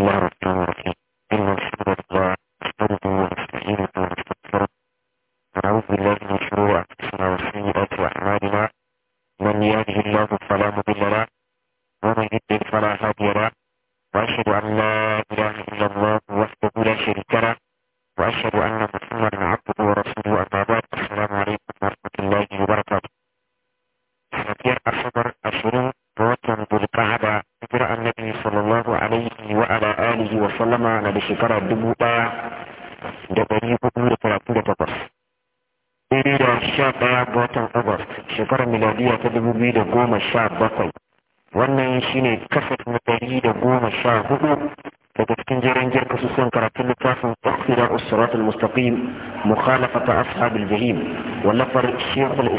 lot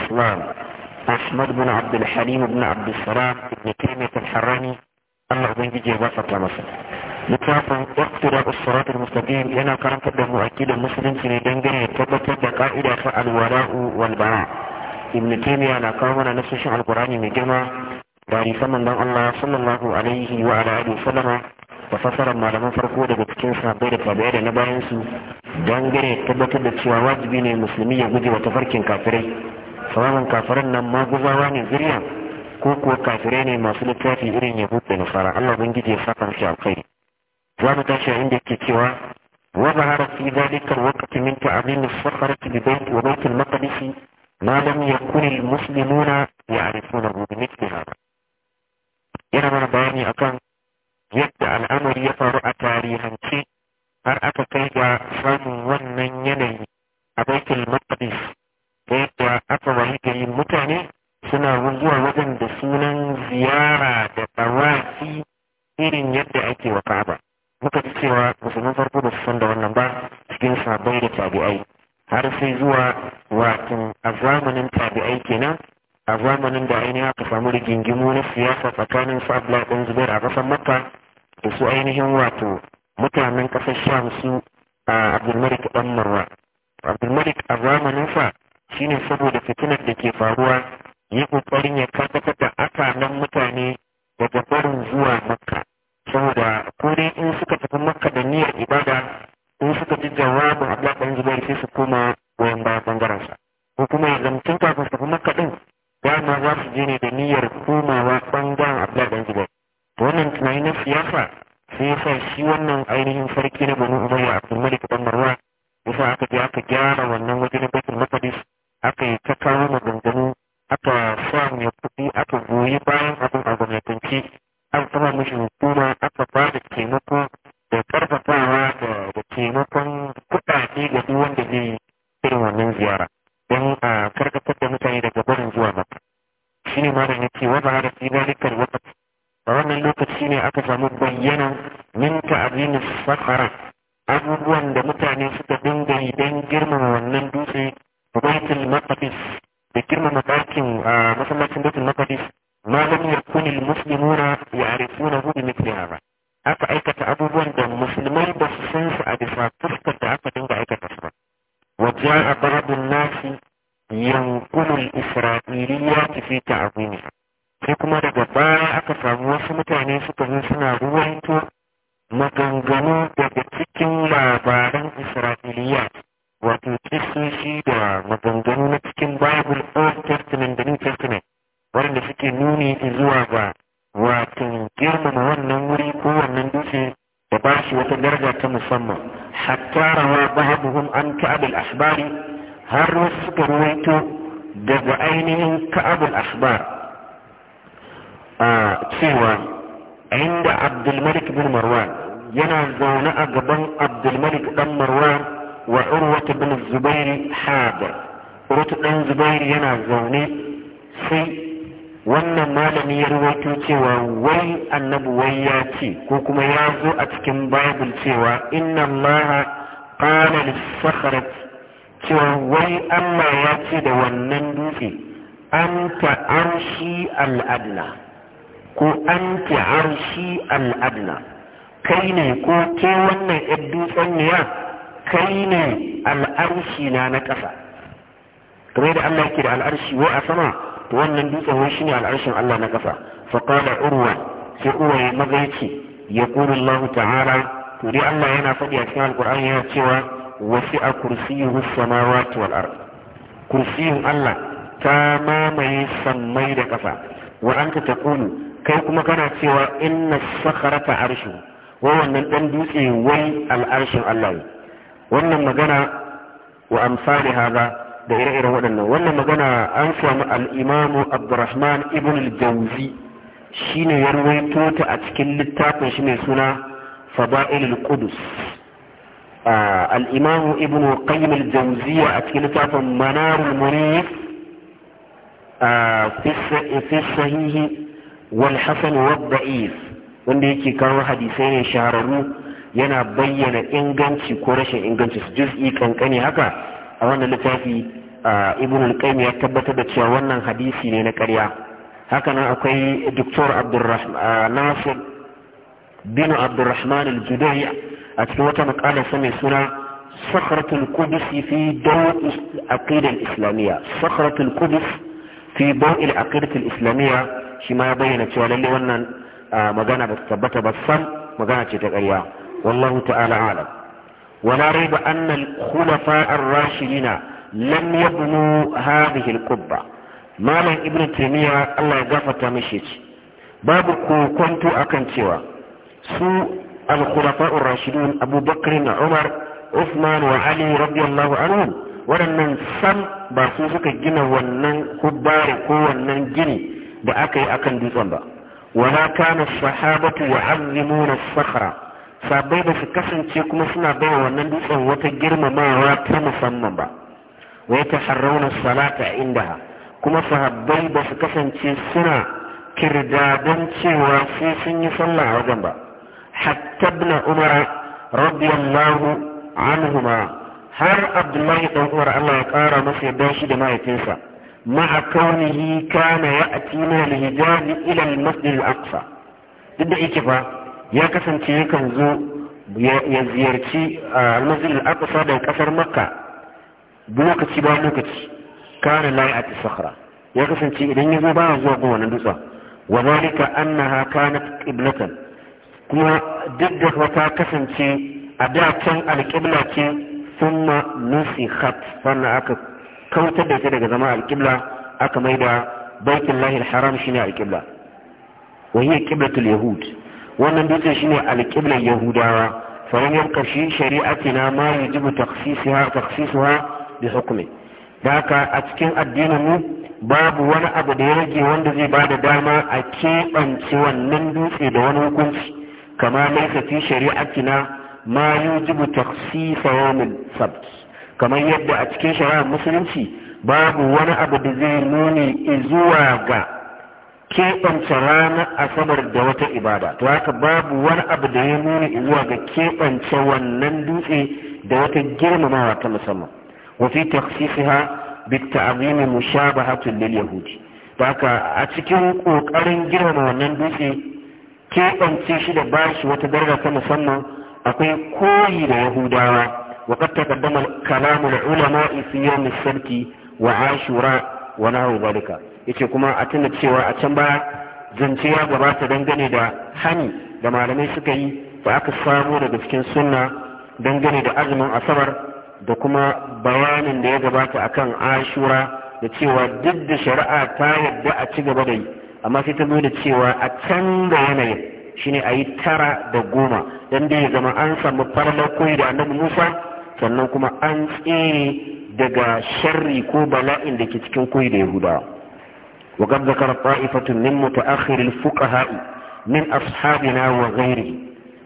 الإسلام أحمد بن عبد الحليم بن عبد السلام بن تيمية الحراني الله بن جيجي وسط لمصر littafin iqtida as-sirat al-mustaqim yana karantar da mu'akkidin musulunci ne dangane da tabbatar da ka'ida ta al-wala'u wal bara ibn taymiya na kawo mana nasoshin alqur'ani mai girma da hadisan Allah sallallahu alaihi wa ala alihi da fasarar malaman farko daga cikin sahabbai da tabi'ai da na bayan su dangane tabbatar da cewa wajibi ne musulmi ya guje wa tafarkin kafirai sawawan kafiran nan maguzawa ne zuriya ko kuwa kafirai ne masu littafi irin yahud da nasara Allah ubangiji ya saka musu alkhairi za mu tashi inda yake cewa wa bahara fi dhalika alwaqti min ta'min as-sakhrati bi bayt wa bayt al-maqdis ma lam yakun al-muslimuna ya'rifunahu bi mithli hada yana mana bayani akan yadda al'amari ya faru a tarihance har aka kai ga samun wannan yanayi a baitul maqdis yadda aka wani gari mutane suna zuwa wajen da sunan ziyara da tsawafi irin yadda ake wa ka'aba muka ji cewa musulmin farko da su san da wannan ba cikin sabai da tabi'ai har sai zuwa wakin a zamanin tabi'ai kenan a zamanin da ainihin aka samu rigingimu na siyasa tsakanin su abdullahi ɗan zubair a ƙasar makka da su ainihin wato mutanen ƙasar sham su a abdulmalik ɗan marwa abdulmalik a zamanin shine saboda fitinar da ke faruwa yi kokarin ya kafa da nan mutane daga barin zuwa makka saboda ko dai in suka tafi makka da niyyar ibada in suka ji jawabin Allah ɗan zubair sai su koma goyon baya bangaren sa ko kuma ya zamtun kafin su tafi makka din dama za su je ne da niyyar komawa bangaren Allah ɗan zubair to wannan tunani na siyasa sai ya sa shi wannan ainihin sarki na banu umayya Malik ɗan marwa yasa aka je aka gyara wannan waje na baitul maqdis aka yi ta kawo maganganu aka sa mai kuɗi aka goyi bayan abin a gwamnatanci an sama mishi hukuma aka ba da taimako da karfafawa da taimakon kuɗaɗe ga duk wanda zai yi irin wannan ziyara don a karkatar da mutane daga barin zuwa maka shi ne ma da nake wa da fi zalikar wata a wannan lokaci ne aka samu bayyana min abin sakara abubuwan da mutane suka dinga yi don girmama wannan dutse baitul maqdis da girmama dakin a ah, masallacin baitul maqdis ma lam yakun al muslimuna ya'rifunahu bi aka aikata abubuwan da musulmai ba su san su a bisa da aka dinga aikata su ba wa ja'a ba'dun nasi yankulu al isra'iliyya fi ta'zimiha daga baya aka samu wasu mutane suka zo suna ruwanto maganganu daga cikin labaran isra'iliyya wato kisoshi da maganganu na cikin Bible Old Testament da New Testament wanda suke nuni zuwa ga wato girmama wannan wuri ko wannan dutse da ba shi wata daraja ta musamman hatta rawa ba'dhum an ka'ab ahbari har wasu suka ruwaito daga ainihin ka'ab al-ahbar a cewa inda Abdul Malik bin Marwan yana zaune a gaban Abdul Malik dan Marwan wa urwatu bin zubairi hadir urwatu ɗan Zubairu yana zaune sai wannan malami ya cewa wai annabi wai ya ce ko kuma ya zo a cikin babul cewa inna allaha qala lis-sakhrat cewa wai Allah ya ce da wannan dutse anta arshi al-adna ko anta arshi al-adna kai ne ko ke wannan dutsen ne ya kai ne al'arshi na na ƙasa kamar da Allah yake da al'arshi wa a sama to wannan dutsen shi ne al'arshin Allah na ƙasa fa qala urwa sai urwa ya maza yace yaqulu Allah ta'ala to dai Allah yana faɗi a cikin alqur'ani yana cewa wasi'a kursiyyuhu sama wal al'ar. kursiyyin Allah ta mamaye sammai da ƙasa wa ta taqulu kai kuma kana cewa inna sakharata arshu wai wannan dan dutse wai al'arshin Allah ne wannan magana wa amsali haza da ire-iren waɗannan wannan magana an samu al'imamu abdurrahman ibn al-jawzi shine ya ruwaito ta a cikin littafin shi mai suna fada'il al-qudus al'imamu ibn qayyim al-jawziya a cikin littafin manarul munif fi sahihi wal hasan wa wanda yake kawo hadisai ne shahararru yana bayyana inganci ko rashin inganci su juz'i kankani haka a wannan littafi ibn al-qayyim ya tabbatar da cewa wannan hadisi ne na ƙarya haka nan akwai doktor abdurrahman nasir bin abdurrahman al-judai a cikin wata makalar sa mai suna sakhratul qudus fi dawl aqida al-islamiyya sakhratul qudus fi dawl al al-islamiyya shi ma ya bayyana cewa lalle wannan magana ba ta tabbata ba magana ce ta ƙarya والله تعالى أعلم ولا ريب أن الخلفاء الراشدين لم يبنوا هذه القبة مالا ابن تيمية الله يغفت مشيت باب كنت أكن سوى سوء الخلفاء الراشدون أبو بكر عمر عثمان وعلي رضي الله عنهم waɗannan sam ba su suka gina wannan hubbari ko wannan gini da aka yi akan dutsen ba wala kana sahabatu ya'azzimuna sakhra sabai ba su kasance kuma suna bai wannan dutsen wata girmamawa ta musamman ba wai ta harrauna salata indaha kuma sahabbai ba su kasance suna kirdadan cewa sai sun yi sallah a wajen ba hatta ibn umar radiyallahu anhuma har abdullahi dan umar Allah ya kara masa yadda shi da mahaifinsa ma'a kaunihi kana ya'ti min al-hijaz ila al-masjid al-aqsa duk da yake fa ya kasance yakan zo ya ziyarci almasjid al-aqsa da kasar makka lokaci ba lokaci kana la ya'ti sakhra ya kasance idan ya zo ba zuwa ga wannan dutsen wa zalika annaha kanat qiblatan kuma duk da ta kasance a da can alƙibla ce thumma nusikhat sannan aka kautar da ita daga zama alƙibla aka maida baitullahi al-haram shine alƙibla wa hiya qiblatul yahud wannan dutsen shine alƙiblar yahudawa sauran yan ƙarshe shari'a ce na ma yi jibu da hukumi a cikin addinin mu babu wani abu da ya rage wanda zai ba da dama a keɓance wannan dutse da wani hukunci kamar laifafi shari'a ce na ma yi jibu taksisuwa min yadda a cikin shari'ar musulunci babu wani abu da zai nuni zuwa ga keɓance ranar asabar da wata ibada to haka babu wani abu da ya nuna zuwa ga keɓance wannan dutse da wata girmamawa ta musamman wa fi takhsisiha bi ta'zim hatun lil yahudi to haka a cikin ƙoƙarin girmama wannan dutse keɓance shi da bashi wata daraja ta musamman akwai koyi da yahudawa wa qad taqaddama kalamu al ulama fi yawm wa ashura wa nahu dhalika yace kuma a tuna cewa a can ba zance ya gabata dangane da hani da malamai suka yi da aka samu daga cikin sunna dangane da azumin asabar da kuma bayanin da ya gabata akan ashura da cewa duk da shari'a ta yadda a ci gaba da yi amma sai ta nuna cewa a can da yanayin shine a yi tara da goma don da zama an samu farlar koyi da annabi musa sannan kuma an tsere daga sharri ko bala'in da ke cikin koyi da yahudawa وقد ذكر طائفة من متأخر الفقهاء من أصحابنا وغيره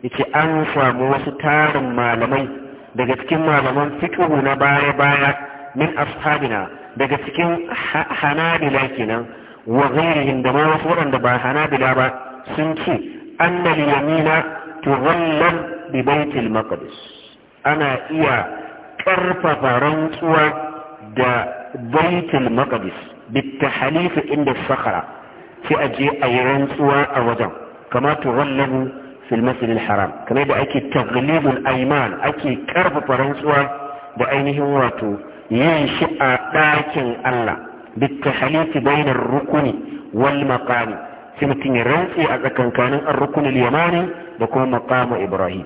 يتي أنسى موستار مالمي daga cikin malaman fikihu na baya-baya min ashabina daga cikin hanabila kenan wa ghairihim wasu waɗanda ba hanabila ba sun ce annal yamina tughallal bi baitil maqdis ana iya ƙarfafa rantsuwa da baitul maqdis bittahalifu inda sakara sai a je a yi rantsuwa a wajen kama tughallabu fil masjid al haram kamar da ake taghlibul ayman ake karfafa rantsuwa da ainihin wato yin shi a ɗakin Allah bittahalifu bainar rukuni wal maqami sai mutum ya rantse a tsakankanin ar-rukun al-yamani da kuma maqamu ibrahim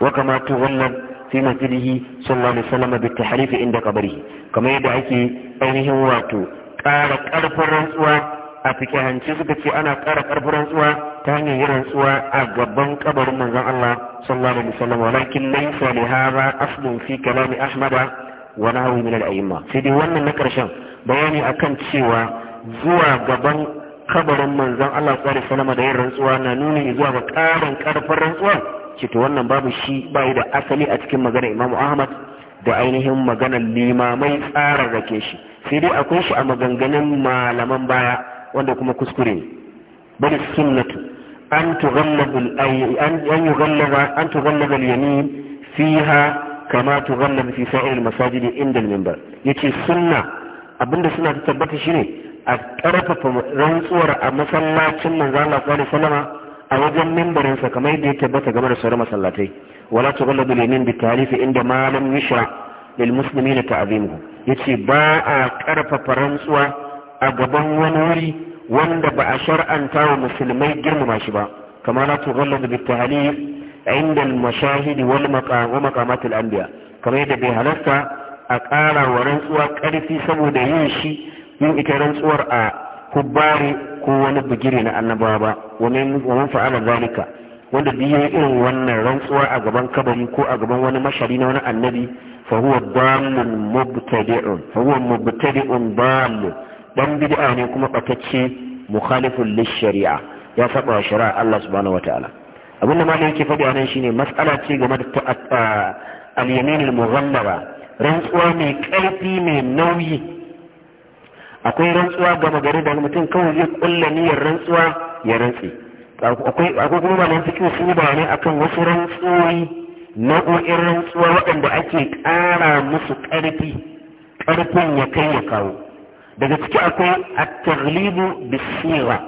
wa kama tughallab fi masjidihi sallallahu alaihi da bi tahrifi inda kabari kamar yadda ake ainihin wato ƙara ƙarfin rantsuwa a fikihance suka ce ana ƙara ƙarfin rantsuwa ta hanyar rantsuwa a gaban kabarin manzon Allah sallallahu alaihi wasallam walakin laysa li hadha aslun fi kalami ahmad wa nahwi min al-a'imma sai dai wannan na karshen bayani akan cewa zuwa gaban kabarin manzon Allah sallallahu da yin rantsuwa na nuni zuwa ga ƙarfin rantsuwa ce wannan babu shi ba da asali a cikin magana imamu ahmad da ainihin maganar limamai rake shi sai dai akwai shi a maganganun malaman baya wanda kuma kuskure ne bari sunnatu an an yughallab yamin fiha kama tughallab fi sa'ir masajidi inda al-minbar yace sunna abinda suna ta tabbata shine a karfafa rantsuwar a masallacin manzo Allah sallallahu alaihi a wajen mimbarinsa kamar yadda ya tabbata game da sauran masallatai wala tughalladu limin bi talifi inda ma lam yushra lil muslimin yace ba a karfafa rantsuwa a gaban wani wuri wanda ba a shar'anta wa musulmai girmama shi ba kamar la tughalladu bi inda al mashahid wal maqam wa maqamat al anbiya kamar yadda bai halarta a ƙara wa rantsuwa ƙarfi saboda yin shi yin ita rantsuwar a kubbari ko wani bugiri na annabawa ba wa man fa'ala zalika wanda biyu irin wannan rantsuwa a gaban kabari ko a gaban wani mashari na wani annabi fa huwa damun mubtadi'un fa huwa mubtadi'un dan bid'a ne kuma batacce mukhalifun shari'a. ya saba wa shari'a Allah subhanahu wataala abin da malai yake faɗi anan shine matsala ce game da al-yamin al-mughammara rantsuwa mai ƙarfi mai nauyi akwai rantsuwa gama gari da mutum kawai zai kulla niyyar rantsuwa ya rantsi akwai kuma malamin fikin sun yi ne akan wasu rantsuwoyi nau'o'in rantsuwa waɗanda ake ƙara musu ƙarfi ƙarfin ya kai ya kawo daga ciki akwai at-taghlibu bisira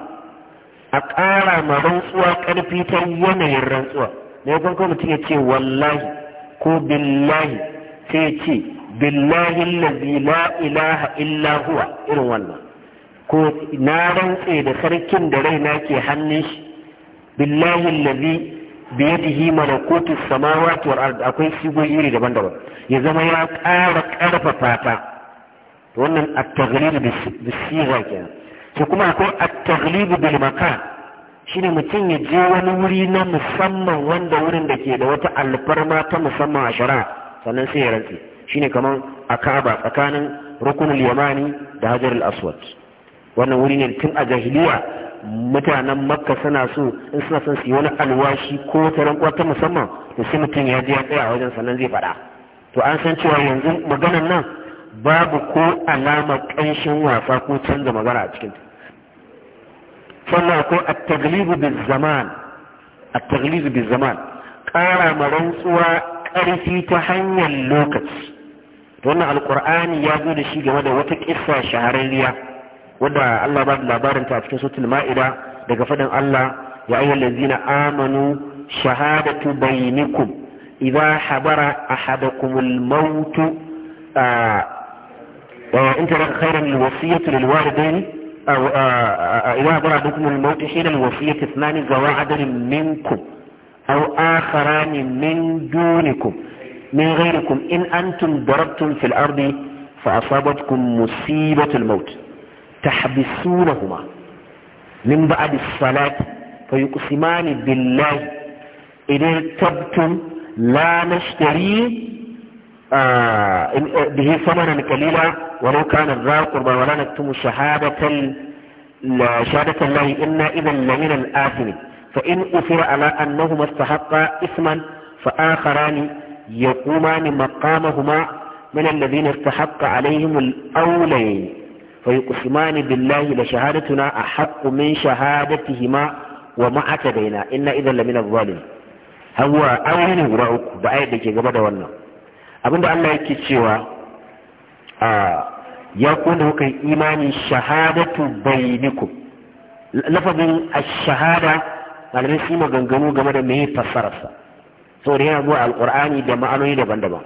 a ƙara ma rantsuwa ƙarfi ta yanayin rantsuwa ne kun kuma mutum ya ce wallahi ko billahi sai ce billahi allazi la ilaha illa irin wannan ko na rantse da sarkin da raina ke hannun shi billahi allazi biyadihi malakutu samawati wal ard akwai sigoyi iri daban-daban ya zama ya ƙara ƙarfafa ta wannan at-taghlib kuma shine mutum ya je wani wuri na musamman wanda wurin da ke da wata alfarma ta musamman a shara'a sannan sai ya rantsi. shine kaman akaba tsakanin rukunin yamani da hajar al-aswad wannan wuri ne tun a jahiliya mutanen makka suna so in suna son su yi wani alwashi ko wata rantsuwa ta musamman to sai mutum ya je ya tsaya wajen sannan zai faɗa to an san cewa yanzu maganar nan babu ko alamar ƙanshin wasa ko canza magana a cikin sannan ko at-taglibu zaman at-taglibu zaman ƙara ma rantsuwa ƙarfi ta hanyar lokaci wannan alqur'ani ya zo da shi game da wata kissa shahararriya wadda Allah ba labarin ta a cikin suratul ma'ida daga fadan Allah ya ayyuhal ladzina amanu shahadatu bainakum idza habara ahadakumul maut وإن ترك خيرا الوصية للوالدين أو إذا حضر أحدكم الموت حين الوصية اثنان ذوى عدل منكم من غيركم إن أنتم ضربتم في الأرض فأصابتكم مصيبة الموت تحبسونهما من بعد الصلاة فيقسمان بالله إن ارتبتم لا نشتري آه به ثمنا قليلا ولو كان ذا قربا ولا نكتم شهادة شهادة الله إنا إذا لمن الآثم فإن أثر على أنهما استحقا إثما فآخران يقومان مقامهما من الذين استحق عليهم الأولين فيقسمان بالله لشهادتنا أحق من شهادتهما وما اعتدينا إن إذا لمن الظالم هو أولين ورأوك بآية دكي قبضة وانا أبدا الله يكتشوا آه يكون هو إيمان شهادة بينكم لفظ الشهادة malamai su maganganu game da mai fassararsa da yana zuwa alkur'ani da ma'anoni daban-daban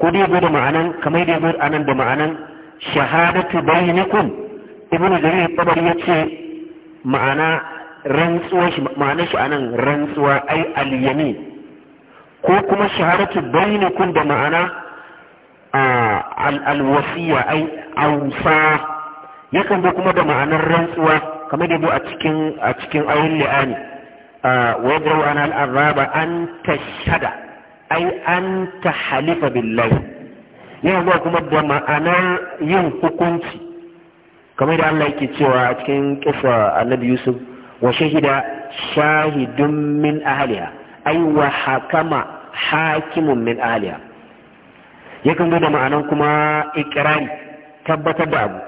ko dai zo da ma'anan kamar dai zo anan da ma'anan shahadatu bainakum ibnu jarir tabari yace ma'ana rantsuwa shi ma'anar shi anan rantsuwa ai al yami ko kuma shahadatu bainakum da ma'ana al-wasiya ai awsa yakan zo kuma da ma'anar rantsuwa kamar dai bai a cikin a cikin ayin li'ani ويدعو أنا الأرباب أن تشهد أي أن تحلف بالله yana zuwa kuma da ma'anar yin hukunci kamar da Allah yake cewa a cikin kisa annabi Yusuf wa shahida shahidun min ahliha ai wa hakama hakimun min ahliha yakan zo da ma'anar kuma ikirari tabbatar da abu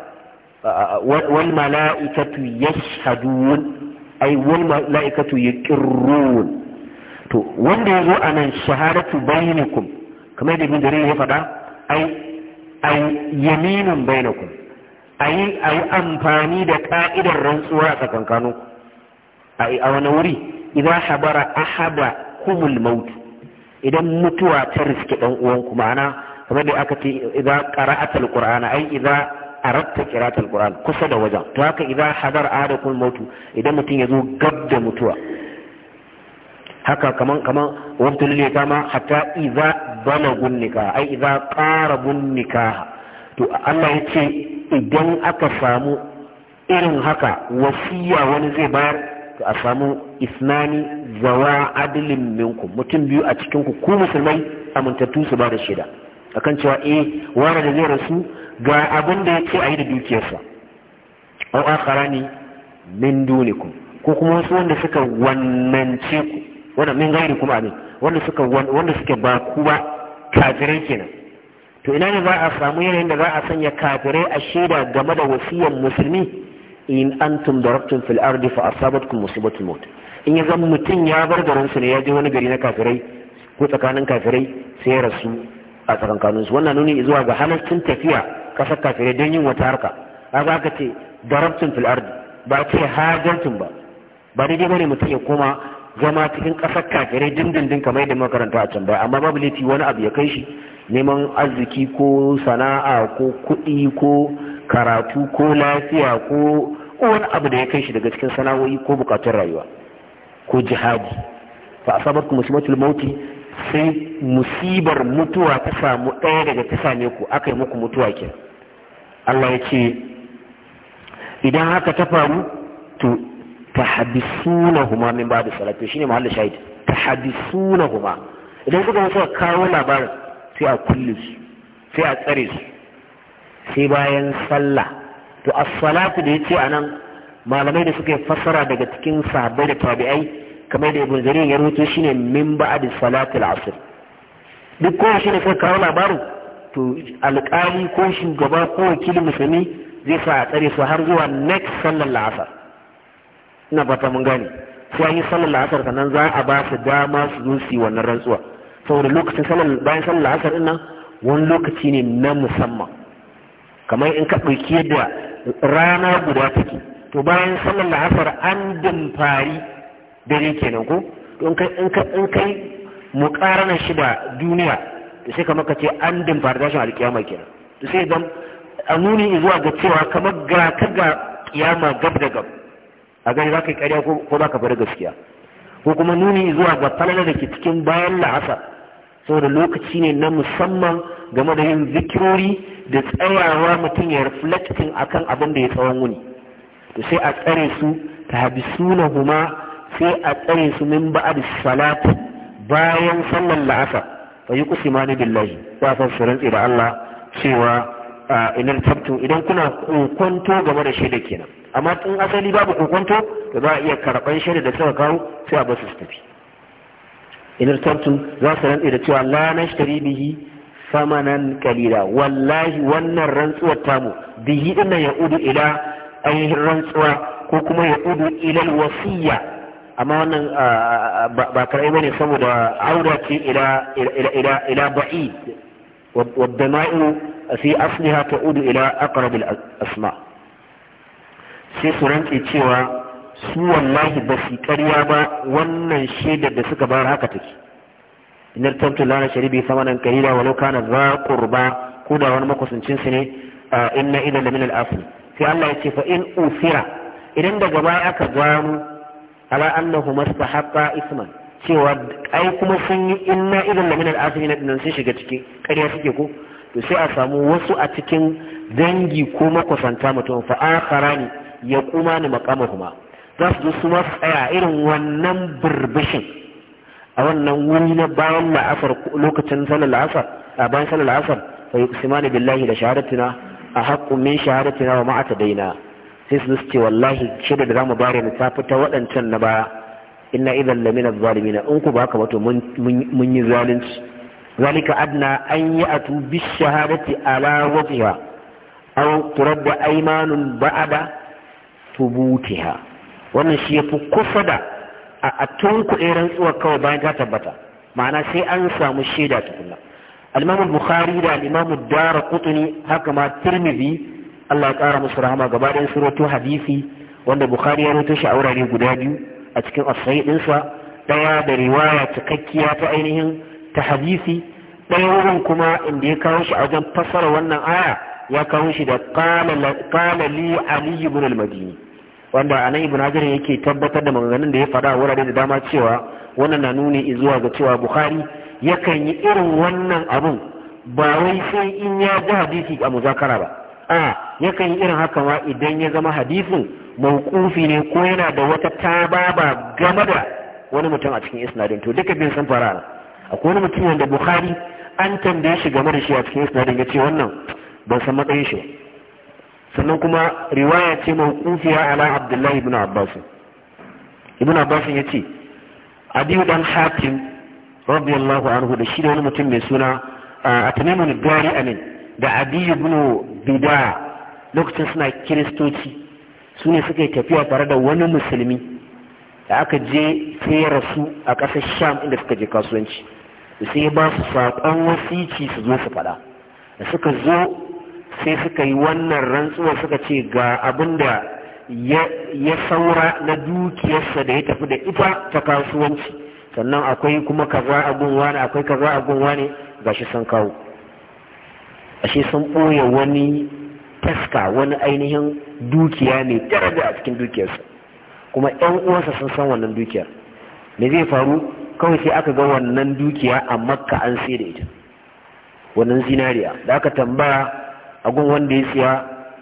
wal mala'ikatu yashhadun ai wal mala'ikatu yaqirrun to wanda yazo anan shahadatu bainakum kamar da ibn jarir ya faɗa ai ai yaminan bainakum ai ai amfani da ka'idar rantsuwa a tsakankanu ai a wani wuri idan habara ahaba kumul maut idan mutuwa ta riske dan uwanku, ma'ana kamar da aka ce idan qara'atul qur'ana ai idan arabta kiratul qur'an kusa da wajen to haka idan hadar ma mautu idan mutum ya zo gab da mutuwa haka kaman kaman wabtul ta ma hatta idza bana gunnika ai idza qara gunnika to Allah yace idan aka samu irin haka wasiya wani zai bayar a samu isnani zawa adilin minkum mutum biyu a cikin ku ku musulmai amintattu su ba da shaida akan cewa eh wani da zai rasu ga abin da yake a yi da dukiyarsa aw akharani min ku? ko kuma wasu wanda suka wannance ku wanda min gairi kuma abin wanda suka wanda suke ba ku ba kafirai kenan to ina ne za a samu yanayin da za a sanya kafirai a shaida game da wasiyar musulmi in antum daraktum fil ardi fa asabatkum musibatul maut in ya zama mutum ya bar garinsu ne ya je wani gari na kafirai ko tsakanin kafirai sai ya rasu a tsakankanin su wannan nuni zuwa ga halaccin tafiya kasar kafirai don yin wata harka za ka ce darabtun fil ardi ba ce hajjantun ba ba daidai bane mutum ya koma zama cikin kasar kafirai dindindin kamar yadda makaranta a can baya amma babu laifi wani abu ya kai shi neman arziki ko sana'a ko kuɗi ko karatu ko lafiya ko wani abu da ya kai shi daga cikin sana'o'i ko bukatun rayuwa ko jihadi fa asabatkum musibatul mauti sai musibar mutuwa ta samu ɗaya daga ta same ku aka yi muku mutuwa ke Allah ya ce idan haka ta faru to ta habisuna huma min ba da salafi shine mahallin shahid ta habisuna huma idan kuka mutuwa kawo labarin sai a kulle su sai a tsare su sai bayan sallah to as-salatu da yace anan malamai da suka yi fassara daga cikin sahabbai da tabi'ai kamar da ibn jarir ya rubuto shine min ba'd salatil asr duk ko shi ne sai kawo labarin to alƙali ko shugaba ko wakilin musulmi zai sa a tsare su har zuwa next sallar la'asar ina fata mun gane sai an yi sallar la'asar sannan za a ba su dama su zo su yi wannan rantsuwa saboda lokacin sallar bayan sallar la'asar ɗin nan wani lokaci ne na musamman kamar in ka ɗauki da rana guda take to bayan sallar la'asar an dimfari dare kenan ko in kai in kai in kai muqarana shi da duniya to sai kamar kace an din fardashin alkiyama kenan to sai dan anuni zuwa ga cewa kamar ga ka ga kiyama gab da gab a gani zaka yi ƙarya ko ko zaka bar gaskiya ko kuma nuni zuwa ga talala da ke cikin bayan la'asar saboda lokaci ne na musamman game da yin zikirori da tsayawa mutum ya reflecting akan abin da ya tsawon wuni to sai a tsare su ta habi suna huma sai a tsare su min ba'ad salat bayan sallan la'asa fa yi kusimani billahi ba san su rantsi da Allah cewa inar tabtu idan kuna kokonto game da shaida kenan amma tun asali babu kokonto da za a iya karɓar shaida da suka kawo sai a basu su tafi Inar tabtu za su rantsi da cewa la nashtari bihi samanan kalila wallahi wannan rantsuwar tamu bihi din nan ya udu ila ainihin rantsuwa ko kuma ya udu ila wasiyya amma wannan ba karai bane saboda auda ce ila ila ila ila ba'i والدماء في أصلها تعود إلى أقرب sai su rantse cewa su wallahi ba su karya ba wannan shaidar da suka bayar haka take inar tamtu lana sharibi samanan kalila walau kana za qurba ko da wani makusancin su ne inna idan da min al sai Allah ya ce fa in ufira idan daga baya aka gano ala annahu mastahaqqa isman cewa ai kuma sun yi inna idan lamin al-asirin din sun shiga ciki ƙarya suke ko to sai a samu wasu a cikin dangi ko makusanta mutum fa akharani ya kuma ni maqamahuma za su zo su ma tsaya irin wannan burbushin a wannan wuri na bayan la'asar lokacin sallar la'asar a bayan sallar la'asar fa yuqsimani billahi da shahadatina a haqqu min shahadatina wa ma'a tadaina sai su ce wallahi shaida da zamu bare mu tafi ta waɗancan na baya inna idan lamina zalimina in ku ba haka to mun yi zalunci zalika adna an yi atu bi shahadati ala wajiha aw turadda aymanun ba'ada tubutiha wannan shi yafi kusa da a tunkuɗe rantsuwar kawai bayan ta tabbata ma'ana sai an samu shaida tukunna al-imam bukhari da al-imam ad-darqutni haka ma tirmidhi Allah ya ƙara musu rahama gaba ɗayan surutu hadisi wanda Bukhari ya rubuta shi a wurare guda biyu a cikin asai ɗinsa ɗaya da riwaya cikakkiya ta ainihin ta hadisi ɗaya wurin kuma inda ya kawo shi a wajen fassara wannan aya ya kawo shi da qala li ali ibn al-madini wanda anan ibn hajar yake tabbatar da maganganun da ya faɗa a wurare da dama cewa wannan na nuni zuwa ga cewa Bukhari yakan yi irin wannan abun ba wai sai in ya ji hadisi a muzakara ba a yakan yi irin haka ma idan ya zama hadisin mawqufi ne ko yana da wata tababa game da wani mutum a cikin isnadin to duka bin san fara akwai wani mutum wanda bukhari an tambaye shi game da shi a cikin isnadin ya ce wannan ban san matsayin shi sannan kuma riwaya ce mawqufiya ala abdullahi ibn abbas ibn abbas ya ce adiyu dan hatim radiyallahu anhu da shi da wani mutum mai suna a gari amin da adiyu ibn bid'a lokacin suna kiristoci su ne suka yi tafiya tare da wani musulmi da aka je sai su a ƙasar sham inda suka je kasuwanci sai ya ba su saƙon wasici su zo su faɗa da suka zo sai suka yi wannan rantsuwa suka ce ga abin da ya saura na dukiyarsa da ya tafi da ita ta kasuwanci sannan akwai kuma kaza a gunwa ne akwai kaza a gunwa ne ga shi sun kawo ashe sun ɓoye wani taska wani ainihin dukiya mai daraja a cikin dukiyarsa kuma 'yan uwansa sun san wannan dukiyar me zai faru kawai sai aka ga wannan dukiya a makka an sai da ita wannan zinariya da aka tambaya a gun wanda ya siya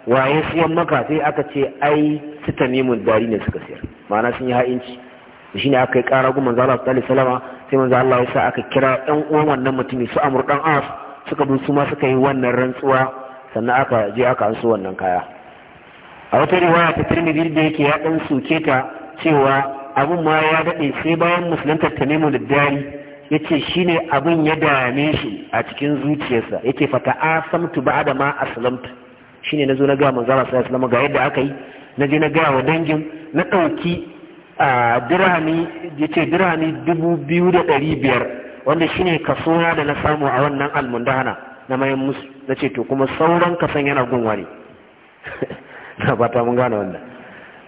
waye siyan maka sai aka ce ai su tamimun dari ne suka siyar ma'ana sun yi ha'inci ne aka yi kara gun manzo Allah sallallahu alaihi sai manzo Allah ya sa aka kira ɗan uwan wannan mutumin su amur dan suka bi su ma suka yi wannan rantsuwa sannan aka je aka su wannan kaya a wata riwaya ta tirmidhi da yake ya dan suke ta cewa abin ma ya daɗe sai bayan musulunta nemo da dari ya ce shi ya dame shi a cikin zuciyarsa yake fata fata asamtu ba adama ma aslamtu shi ne na ga manzo Allah sallallahu alaihi wasallam ga yadda aka yi na je na ga wa dangin na ɗauki a ah, dirhami yace dirhami dubu biyu da dari biyar wanda shine ya da na samu a wannan almundana na mayan musu na ce to kuma sauran kasan yana gunwa ne na fata mun gane wannan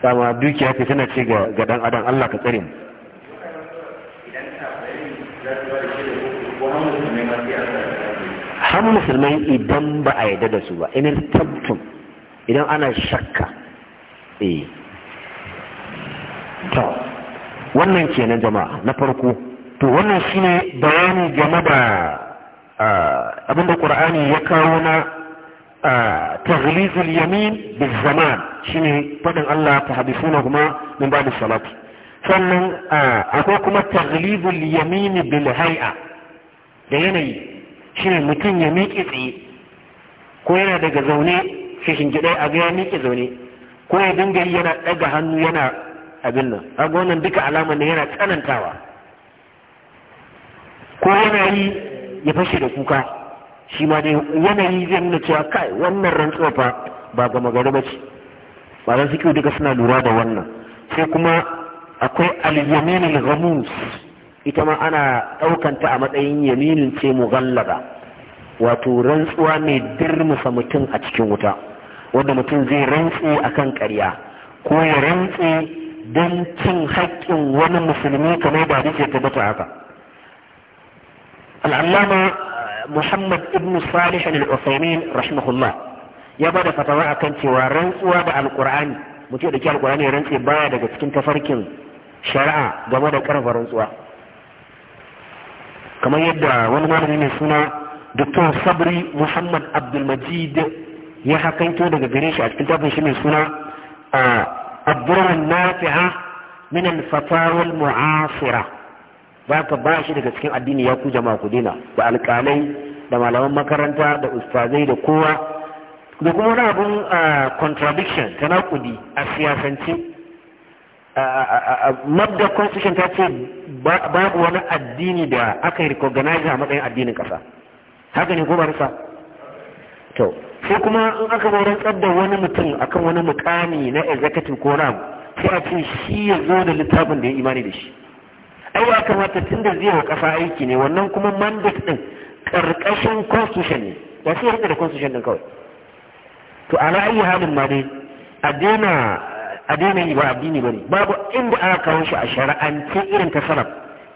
sama dukiya ce tana ce ga dan adam Allah ka tsare mu musulmai idan ba a yarda da su ba idan tabtum idan ana shakka eh to wannan kenan jama'a na farko to wannan shi ne bayani game da abinda ƙur'ani ya kawo na taghlizul yamin da zaman ne fadin Allah ta suna kuma min ba da salatu sannan akwai kuma taghlizul yamin bil hay'a da yanayi shi ne mutum ya miƙe tsaye ko yana daga zaune fishin shingidai a ga ya miƙe zaune ko ya dinga yana ɗaga hannu yana abin nan a wannan duka alama ne yana tsanantawa ko yanayi ya fashe da kuka shi ma dai yanayi zai nuna cewa kai wannan rantsuwa fa ba ga magari ba ce Ba su fiqh duka suna lura da wannan sai kuma akwai al-yamin al-ghamus ita ma ana ɗaukanta a matsayin yaminin ce mughallaba wato rantsuwa mai dirmusa mutum a cikin wuta wanda mutum zai rantse akan ƙarya ko ya rantse don cin haƙƙin wani musulmi kamar ba da ke tabbata haka al'allama muhammad ibn salih al-usaimin ya bada da fatawa akan cewa rantsuwa da alqur'ani mutum da ke alqur'ani ya rantse baya daga cikin tafarkin shari'a game da karfa rantsuwa kamar yadda wani malami mai suna Dr. Sabri Muhammad Abdulmajid ya hakanto daga gare shi a cikin tafin shi mai suna a ah, abdurar nafi'a min al-fatawar mu'asira ba ka ba shi daga cikin addini ya ku jama'a ku dina da alƙalai da malaman makaranta da ustazai da kowa da kuma wani abun contradiction tanakudi a siyasance mabda constitution ta ce babu wani addini da aka yi recognize a matsayin addinin ƙasa haka ne ko ba rufa to sai kuma in aka rantsar da wani mutum akan wani mukami na executive ko ram sai a ce shi ya zo da littafin da ya imani da shi ai ya kamata tunda zai wa kafa aiki ne wannan kuma mandate din karkashin constitution ne ba sai yadda da constitution din kawai to ala ayi halin ma dai a yi ba addini ba ne babu inda aka kawo shi a shari'ance irin ta sarab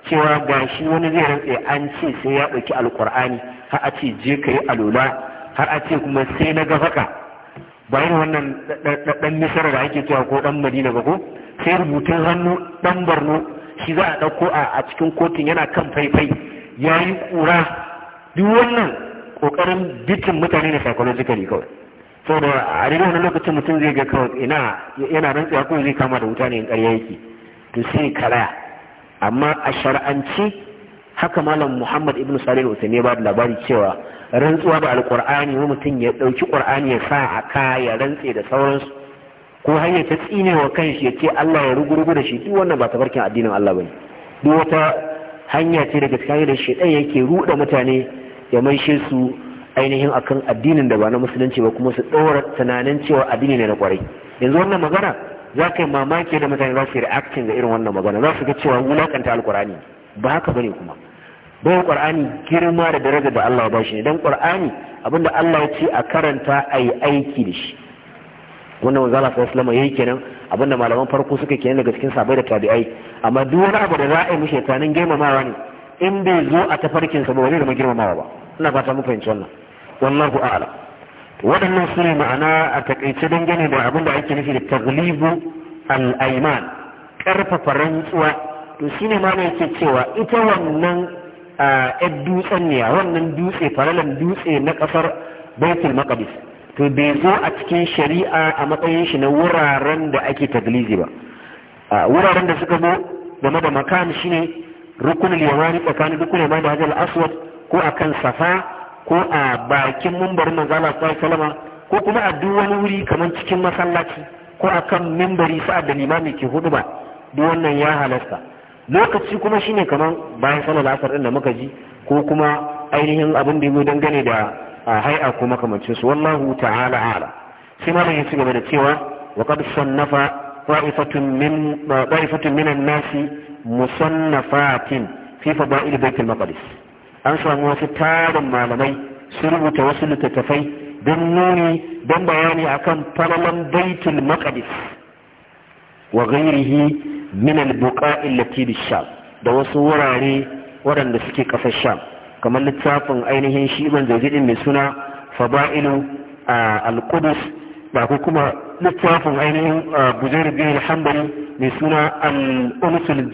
cewa ga shi wani zai rantse an ce sai ya ɗauki alkur'ani har a ce je ka yi alola har a ce kuma sai na ga gafaka bayan wannan ɗan misar da ake cewa ko ɗan madina ba ko sai rubutun hannu ɗan barno shi za a ɗauko a cikin kotun yana kan faifai ya yi ƙura duk wannan ƙoƙarin bitin mutane da psychologically kawai saboda a daidai wani lokacin mutum zai ga kawai ina yana rantsuwa ko zai kama da wuta ne in ƙarya yake to sai karaya amma a shar'anci haka malam muhammad ibn salih usaini ba da labari cewa rantsuwa da alƙur'ani wani mutum ya ɗauki ƙur'ani ya sa a kaya ya rantse da sauransu ko har ya ta tsine wa shi ya ce Allah ya rugurugu da shi duk wannan ba tabarkin addinin Allah bane duk wata hanya ce daga cikin da shedan yake ruɗa mutane ya maishe su ainihin akan addinin da ba na musulunci ba kuma su ɗora tunanin cewa addini ne na kwarai yanzu wannan magana za ka yi mamaki da mutane za su yi reacting ga irin wannan magana za su ga cewa wulakanta alkurani ba haka bane kuma bai qur'ani girma da daraja da Allah ya bashi ne dan qur'ani abinda Allah ya ce a karanta ayi aiki da shi wannan manzo Allah sallallahu alaihi wasallam yayi kenan abinda malaman farko suka kenan daga cikin sabai da tabi'ai amma duk wani abu da za a yi girmamawa ne in bai zo a tafarkin sa ba wani da girmamawa ba ina fata mu fahimci wannan wallahu a'lam waɗannan Wadannan ne ma'ana a takaice dangane da abin da ake nufi da taglibu al ayman karfafa rantsuwa to shine ma yake cewa ita wannan a dutsen ne a wannan dutse faralan dutse na kasar baitul maqdis to bai zo a cikin shari'a a matsayin shi na wuraren da ake taglizi ba A wuraren da suka zo game da makan shine rukunin yamani tsakanin rukunin yamani da hajjal aswad ko a kan safa ko a bakin mumbar manzala salama ko kuma a duk wani wuri kamar cikin masallaci ko a kan mimbari sa'ad da limami ke hudu ba duk wannan ya halasta lokaci kuma shine kamar bayan sallar asar din da muka ji ko kuma ainihin abin da ya dangane da a hai'a ko makamancin su wallahu ta'ala ala sai ma ya ci gaba da cewa wa qad sannafa qa'ifatun min qa'ifatun min an-nas musannafatin fi fada'il bayt al-maqdis an samu wasu tarin malamai su rubuta wasu littattafai don nuni don bayani akan falalan baitul maqdis wa ghairihi min al-buqa'i allati bi da wasu wurare waɗanda suke ƙasar sham kamar littafin ainihin shi ibn zaidin mai suna fada'ilu al-qudus ba ko kuma littafin ainihin bujair biyu hanbali mai suna al-unsul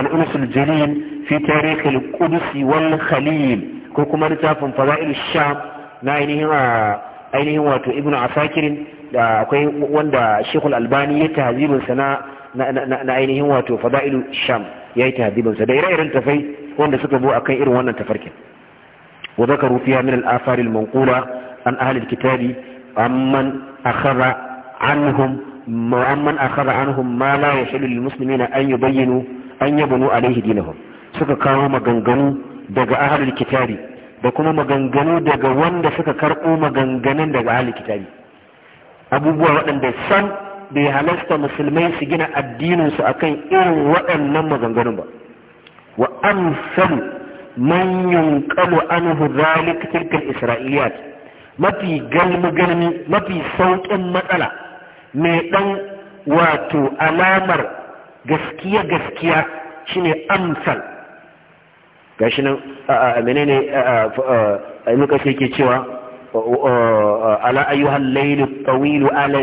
al-unsul jalil fi tarikh al-qudus wal khalil ko kuma littafin fada'ilu sham na ainihin ainihin wato ibn asakirin da akwai wanda shekul albani ya tahzibin sa na ainihin wato fada'ilu sham ya yi tahzibin da ire-iren tafai wanda suka zo akan irin wannan tafarkin wa zakaru fiha min al-athar al-manqula an ahli al-kitabi amman akhara anhum amman akhara anhum ma la yashilu lil muslimina an yubayyinu an yabnu alayhi dinahum suka kawo maganganu daga ahli al-kitabi da kuma maganganu daga wanda suka karbo maganganun daga ahli al-kitabi abubuwa waɗanda san bai halasta musulmai su gina addininsu akan irin waɗannan maganganun ba wa amsalu man yunqalu anhu zalika tilka mafi galmi galmi mafi saukin matsala mai ɗan wato alamar gaskiya gaskiya shine amsal gashi nan menene ibn kasir ke cewa ala ayyuhal layl tawil ala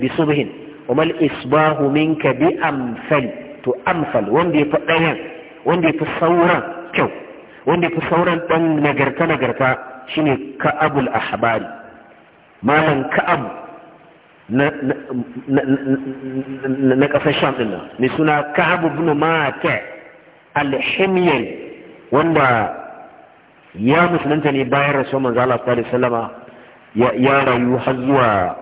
bi subhin wa mal isbahu minka bi amsal to amsal wanda ya faɗa yan wanda ya fi sauran kyau wanda ya fi sauran ɗan nagarta-nagarta shine ka'abul ahbari malam ka'ab na ƙasar sham ɗin nan mai suna ka'ab ibn mata alhimiyan wanda ya musulunta ne bayan rasu manzo Allah sallallahu alaihi wasallama ya rayu har zuwa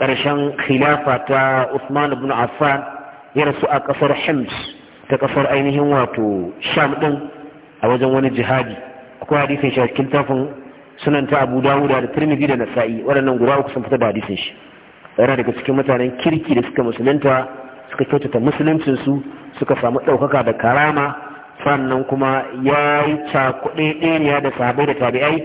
ƙarshen khilafa ta Uthman ibn Affan ya rasu a ƙasar Hims ta kasar ainihin wato sham din a wajen wani jihadi akwai hadisin shi a cikin tafin sunan ta abu dawuda da tirmidhi da nasa'i waɗannan guda uku sun fita da hadisin shi yana daga cikin mutanen kirki da suka musulunta suka kyautata musuluncinsu suka samu ɗaukaka da karama sannan kuma ya yi cakuɗe da sahabai da tabi'ai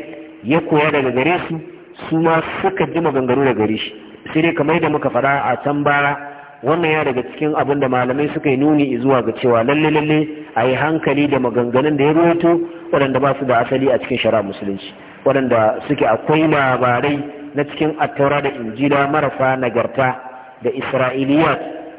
ya koya daga gare su su ma suka ji maganganu da gare shi sai dai kamar da muka faɗa a can bara wannan ya daga cikin abin da malamai suka yi nuni zuwa ga cewa lalle lalle a yi hankali da maganganun da ya ruwaito waɗanda ba su da asali a cikin shari'a musulunci waɗanda suke akwai labarai na cikin attaura da injila marasa nagarta da isra'iliya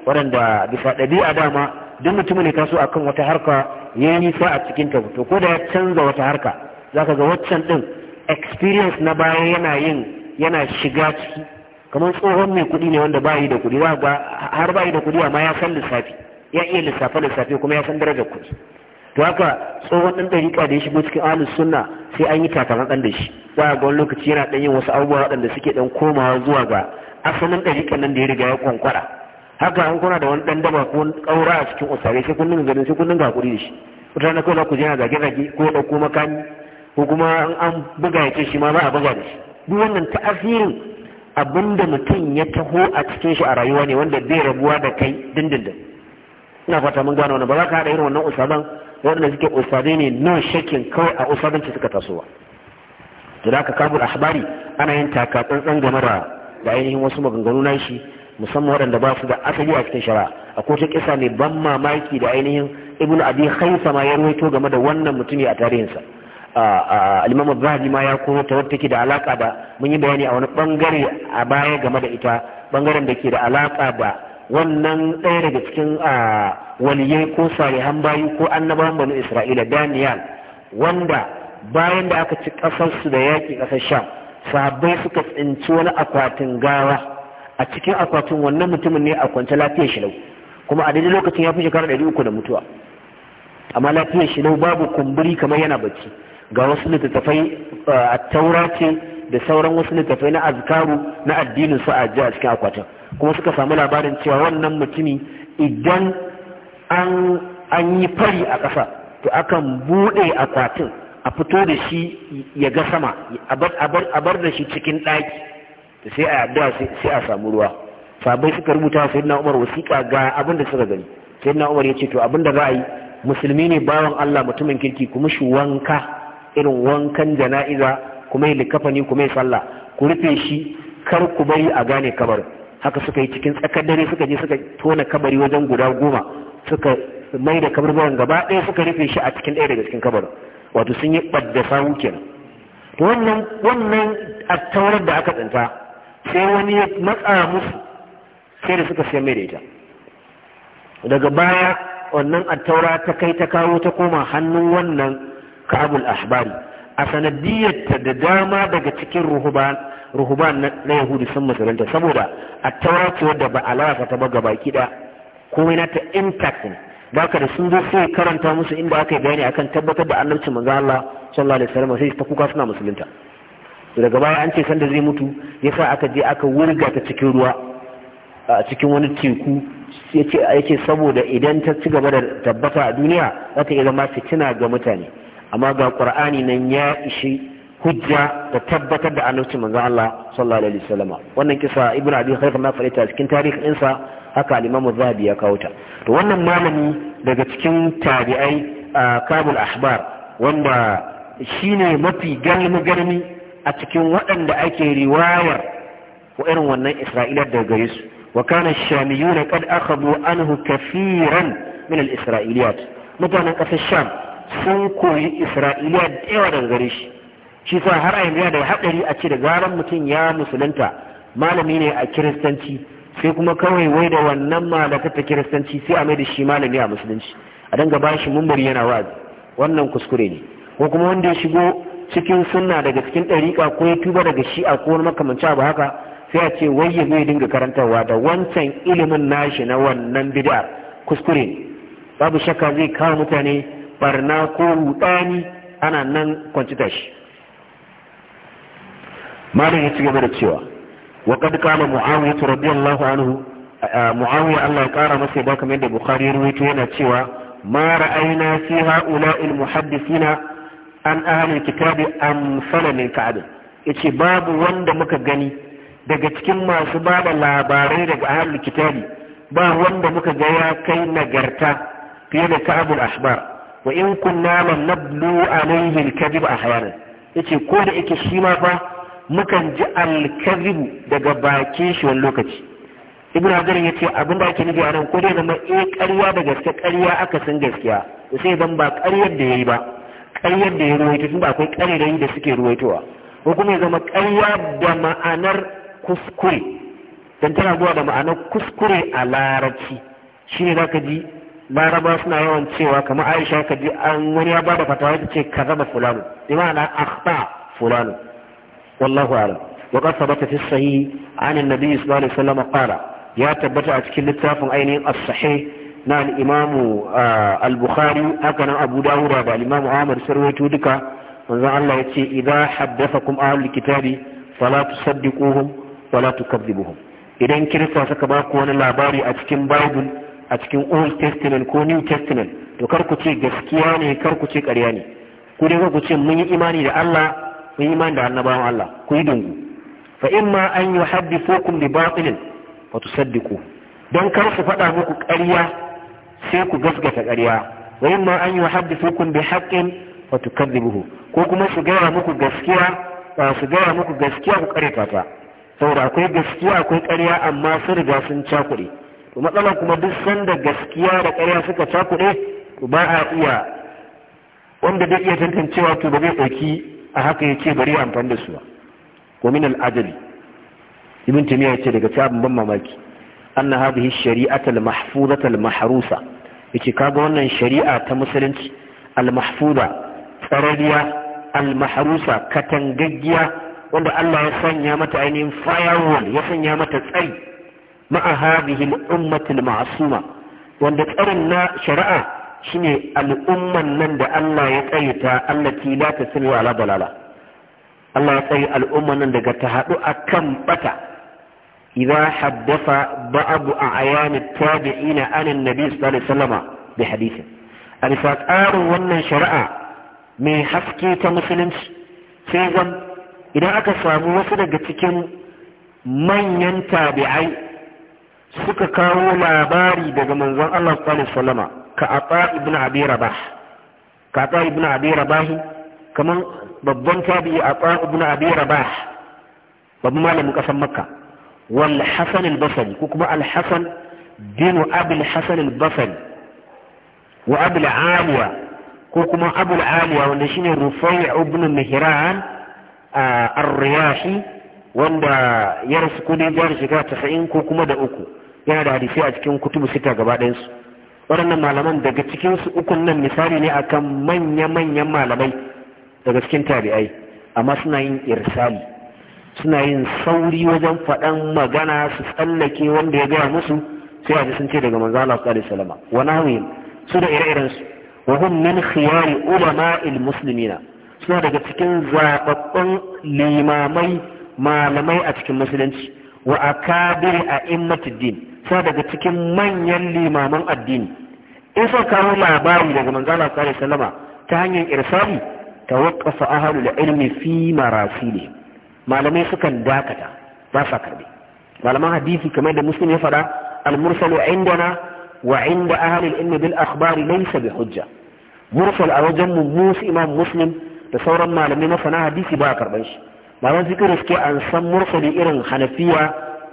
waɗanda bisa ɗabi'a dama duk mutumin ne taso akan wata harka ya yi nisa a cikin ta to ko da ya canza wata harka zaka ga waccan ɗin experience na baya yana yin yana shiga ciki kamar tsohon mai kuɗi ne wanda bayi da kuɗi wa ga har bayi da kudi amma ya san lissafi ya iya lissafe lissafe kuma ya san darajar kuɗi to haka tsohon dan ɗariƙa da ya shigo cikin ahlus sunna sai an yi dan da shi wa ga wani lokaci yana ɗan yin wasu abubuwa waɗanda suke dan komawa zuwa ga asalin dariƙan nan da ya riga ya kwankwara haka an kuna da wani dan daba ko ƙaura a cikin usare sai kun ganin sai ga kudi da shi wata na kawai ku je na zage-zage ko ɗauko makami ko kuma an buga ya ce shi ma ba a buga da shi duk wannan ta'asirin Abin da mutum ya taho a cikin shi a rayuwa ne wanda zai rabuwa da kai dindindin ina fata mun gano wannan ba za ka haɗa irin wannan usaban waɗanda suke usabe ne no shakin kawai a usabanci suka tasowa to da aka a habari, ana yin taka tsantsan game da da ainihin wasu maganganu na shi musamman waɗanda ba su da asali a cikin shari'a A ta kisa ne ban mamaki da ainihin ibnu abi khaysa ma ya ruwaito game da wannan mutumi a tarihinsa al-imam zahabi ma ya koro ta wata da alaka da mun yi bayani a wani bangare a baya game da ita bangaren da ke da alaka da wannan ɗaya daga cikin waliyai ko salihan bayu ko annabawan banu isra'ila daniel wanda bayan da aka ci kasarsu da yaƙi ƙasar sham sahabbai suka tsinci wani akwatin gawa a cikin akwatin wannan mutumin ne a kwance lafiyar shi kuma a daidai lokacin ya fi shekara ɗari uku da mutuwa amma lafiyar shi babu kumburi kamar yana bacci ga wasu littattafai a taura da sauran wasu littattafai na azkaru na addinin su a ji a cikin akwatin kuma suka samu labarin cewa wannan mutumi idan an yi fari a ƙasa to akan buɗe akwatin a fito da shi ya ga sama a bar da shi cikin ɗaki sai a addu'a sai a samu ruwa sabai suka rubuta sai na umar wasiƙa ga abin da suka gani sai na umar ya ce to abin da za a yi musulmi ne bawan allah mutumin kirki kuma shi wanka irin wankan jana'iza kuma yi likafani kuma yi sallah ku rufe shi kar ku bari a gane kabarin haka suka yi cikin tsakar dare suka je suka tona kabari wajen guda goma suka mai da kabarin gaba ɗaya suka rufe shi a cikin ɗaya daga cikin kabarin wato sun yi ɓadda samu kenan to wannan wannan attaurar da aka tsinta sai wani ya matsa musu sai da suka siya mai da ita daga baya wannan attaura ta kai ta kawo ta koma hannun wannan kabul ahbari a sanadiyyarta da dama daga cikin ruhuban na yahudi sun musulunta saboda a tauracewar da ba alaka ta ba gaba kida komai na ta intact ne da sun zo sai karanta musu inda aka yi bayani akan tabbatar da annabci manzo Allah sallallahu alaihi wasallam sai ta kuka suna musulunta daga baya an ce sanda zai mutu yasa aka je aka wurga ta cikin ruwa a cikin wani teku ce saboda idan ta ci gaba da tabbata a duniya za ta iya zama fitina ga mutane amma ga qur'ani nan ya ishi hujja da tabbatar da annabci manzo Allah sallallahu alaihi wasallam wannan kisa ibnu abi khayf na farita cikin tarihin insa haka al-imam zahabi ya kawo ta to wannan malami daga cikin tabi'ai kabul ahbar wanda shine mafi galmi galmi a cikin waɗanda ake riwayar wa irin wannan isra'ilar daga gare su wa kana shamiyuna qad akhadhu anhu kafiran min al-isra'iliyat mutanen ƙasar sham sun koyi isra'iliya da yawa daga gare shi shi sa har a yanzu da haɗari a ce da garan mutum ya musulunta malami ne a kiristanci sai kuma kawai wai da wannan malaka ta kiristanci sai a mai da shi malami a musulunci a dinga ba shi mummuri yana wazi, wannan kuskure ne ko kuma wanda ya shigo cikin sunna daga cikin ɗariƙa ko ya tuba daga shi a ko wani makamanci abu haka sai a ce wai ya zai dinga karantarwa da wancan ilimin nashi na wannan bid'ar kuskure babu shakka zai kawo mutane barna ko rudani ana nan kwanci tashi malam ya ci gaba da cewa wa qad qala muawiya radiyallahu anhu muawiya Allah ya kara masa ba kamar yadda bukhari ya rawaito yana cewa ma ra'ayna fi ha'ula'il muhaddisina an ahli kitabi amsala min ka'ab yace babu wanda muka gani daga cikin masu ba da labarai daga ahli kitabi ba wanda muka ga ya kai nagarta fiye da ka'abul ahbar wa in kunna man nablu alayhi al-kadhib yace ko da yake shi ma fa mukan ji al daga bakin shi wani lokaci ibnu hajar yace abin da ake nufi a nan ko dai zama eh ƙarya da gaske ƙarya aka san gaskiya sai zan ba ƙaryar da yayi ba ƙaryar da ya ruwaito tun ba akwai ƙarirai da suke ruwaitowa ko kuma ya zama ƙarya da ma'anar kuskure dan tana zuwa da ma'anar kuskure a larabci shine zaka ji laraba suna yawan cewa kamar aisha ka ji an wani ya bada fatawa ta ce ka zama fulano imana akhta fulano wallahu a'lam wa qad fi sahih an annabi sallallahu alaihi wasallam qala ya tabbata a cikin littafin ainihin as-sahih na al-imam ah, al-bukhari haka nan abu dawud da al-imam ahmad duka manzon Allah ya ce idza haddathakum ahlul kitabi fala tusaddiquhum wala tukadhibuhum idan kirista suka ba ku wani labari a cikin bible a cikin old testament ko new testament to kar ku ce gaskiya ne kar ku ce ƙarya ne ku dai ku ce mun yi imani da Allah mun yi imani da annabawan Allah ku yi dungu fa imma an yuhaddithukum bi batilin fa tusaddiqu dan kar su faɗa muku ƙarya sai ku gaskata ƙarya wa imma an yuhaddithukum bi haqqin fa tukadzibuhu ko kuma su gaya muku gaskiya ba su gaya muku gaskiya ku ƙarya ta saboda akwai gaskiya akwai ƙarya amma sun riga sun cakuɗe to matsalar kuma duk sanda gaskiya da ƙarya suka cakuɗe to ba a iya wanda zai iya tantancewa to ba zai ɗauki a haka ya ce bari amfani da su ba ko min al'ajali ibn timiya ce daga cikin ban mamaki anna hadhihi shari'ata al-mahfuzata al-mahrusa yace kaga wannan shari'a ta musulunci al-mahfuza tsarariya al-mahrusa katangaggiya wanda Allah ya sanya mata ainihin firewall ya sanya mata tsari ma'a hadhihi al-ummati al wanda tsarin na shari'a shine al'ummar nan da Allah ya tsare ta allati la tasiru ala dalala Allah ya tsare al'umman nan daga ta hadu akan bata idza haddatha ba'd a'yan at-tabi'ina an an-nabi sallallahu alaihi wasallam bi hadithin an tsarin wannan shari'a mai haske ta musulunci sai idan aka samu wasu daga cikin manyan tabi'ai suka kawo labari daga manzon Allah sallallahu alaihi wasallama ka ata ibn abi rabah ka ata ibn abi rabah kaman babban tabi'i ata ibn abi rabah babban malamin kasar makka wal hasan al basri ko kuma al hasan bin abi al hasan al basri wa abi al aliya ko kuma abu al aliya wanda shine rufai ibn mihran ar-riyahi wanda ya rasu kudin jari shekara 90 ko kuma da uku yana da hadisi a cikin kutubu sita gaba ɗayansu waɗannan malaman daga cikinsu ukun nan misali ne akan manya-manyan malamai daga cikin tabi'ai amma suna yin irsali suna yin sauri wajen faɗan magana su tsallake wanda ya gaya musu sai a ji sun ce daga manzala su sallallahu alaihi wasallam wa nahwihim su da ire-iren su wa hum min khiyari ulama'il muslimina suna daga cikin zababbun limamai malamai a cikin musulunci wa akabir a'immatid sa daga cikin manyan limaman addini in son kawo labari daga manzana sallallahu alaihi ta hanyar irsali tawaqqafa ahlul ilmi fi marasili malamai sukan dakata ba sa karbe malaman hadisi kamar da muslim ya fada al-mursalu indana wa inda ahlul ilmi bil akhbari laysa bi hujja mursal a wajen mu musu imam muslim da sauran malamai masana hadisi ba a karban shi malaman suke an san mursali irin hanafiya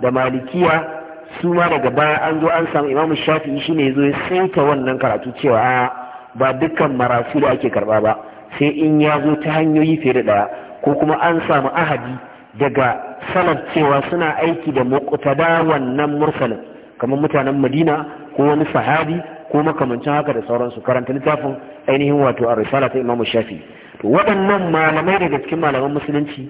da malikiya su ma daga baya an zo an samu imamu Shafi shi ne zo ya saita wannan karatu cewa a ba dukkan marasu da ake karba ba sai in ya zo ta hanyoyi fiye da ɗaya ko kuma an samu ahadi daga salaf cewa suna aiki da muqtada wannan mursalin kamar mutanen madina ko wani sahabi ko makamancin haka da sauransu karanta littafin ainihin wato a risala ta imamu shafi to waɗannan malamai daga cikin malaman musulunci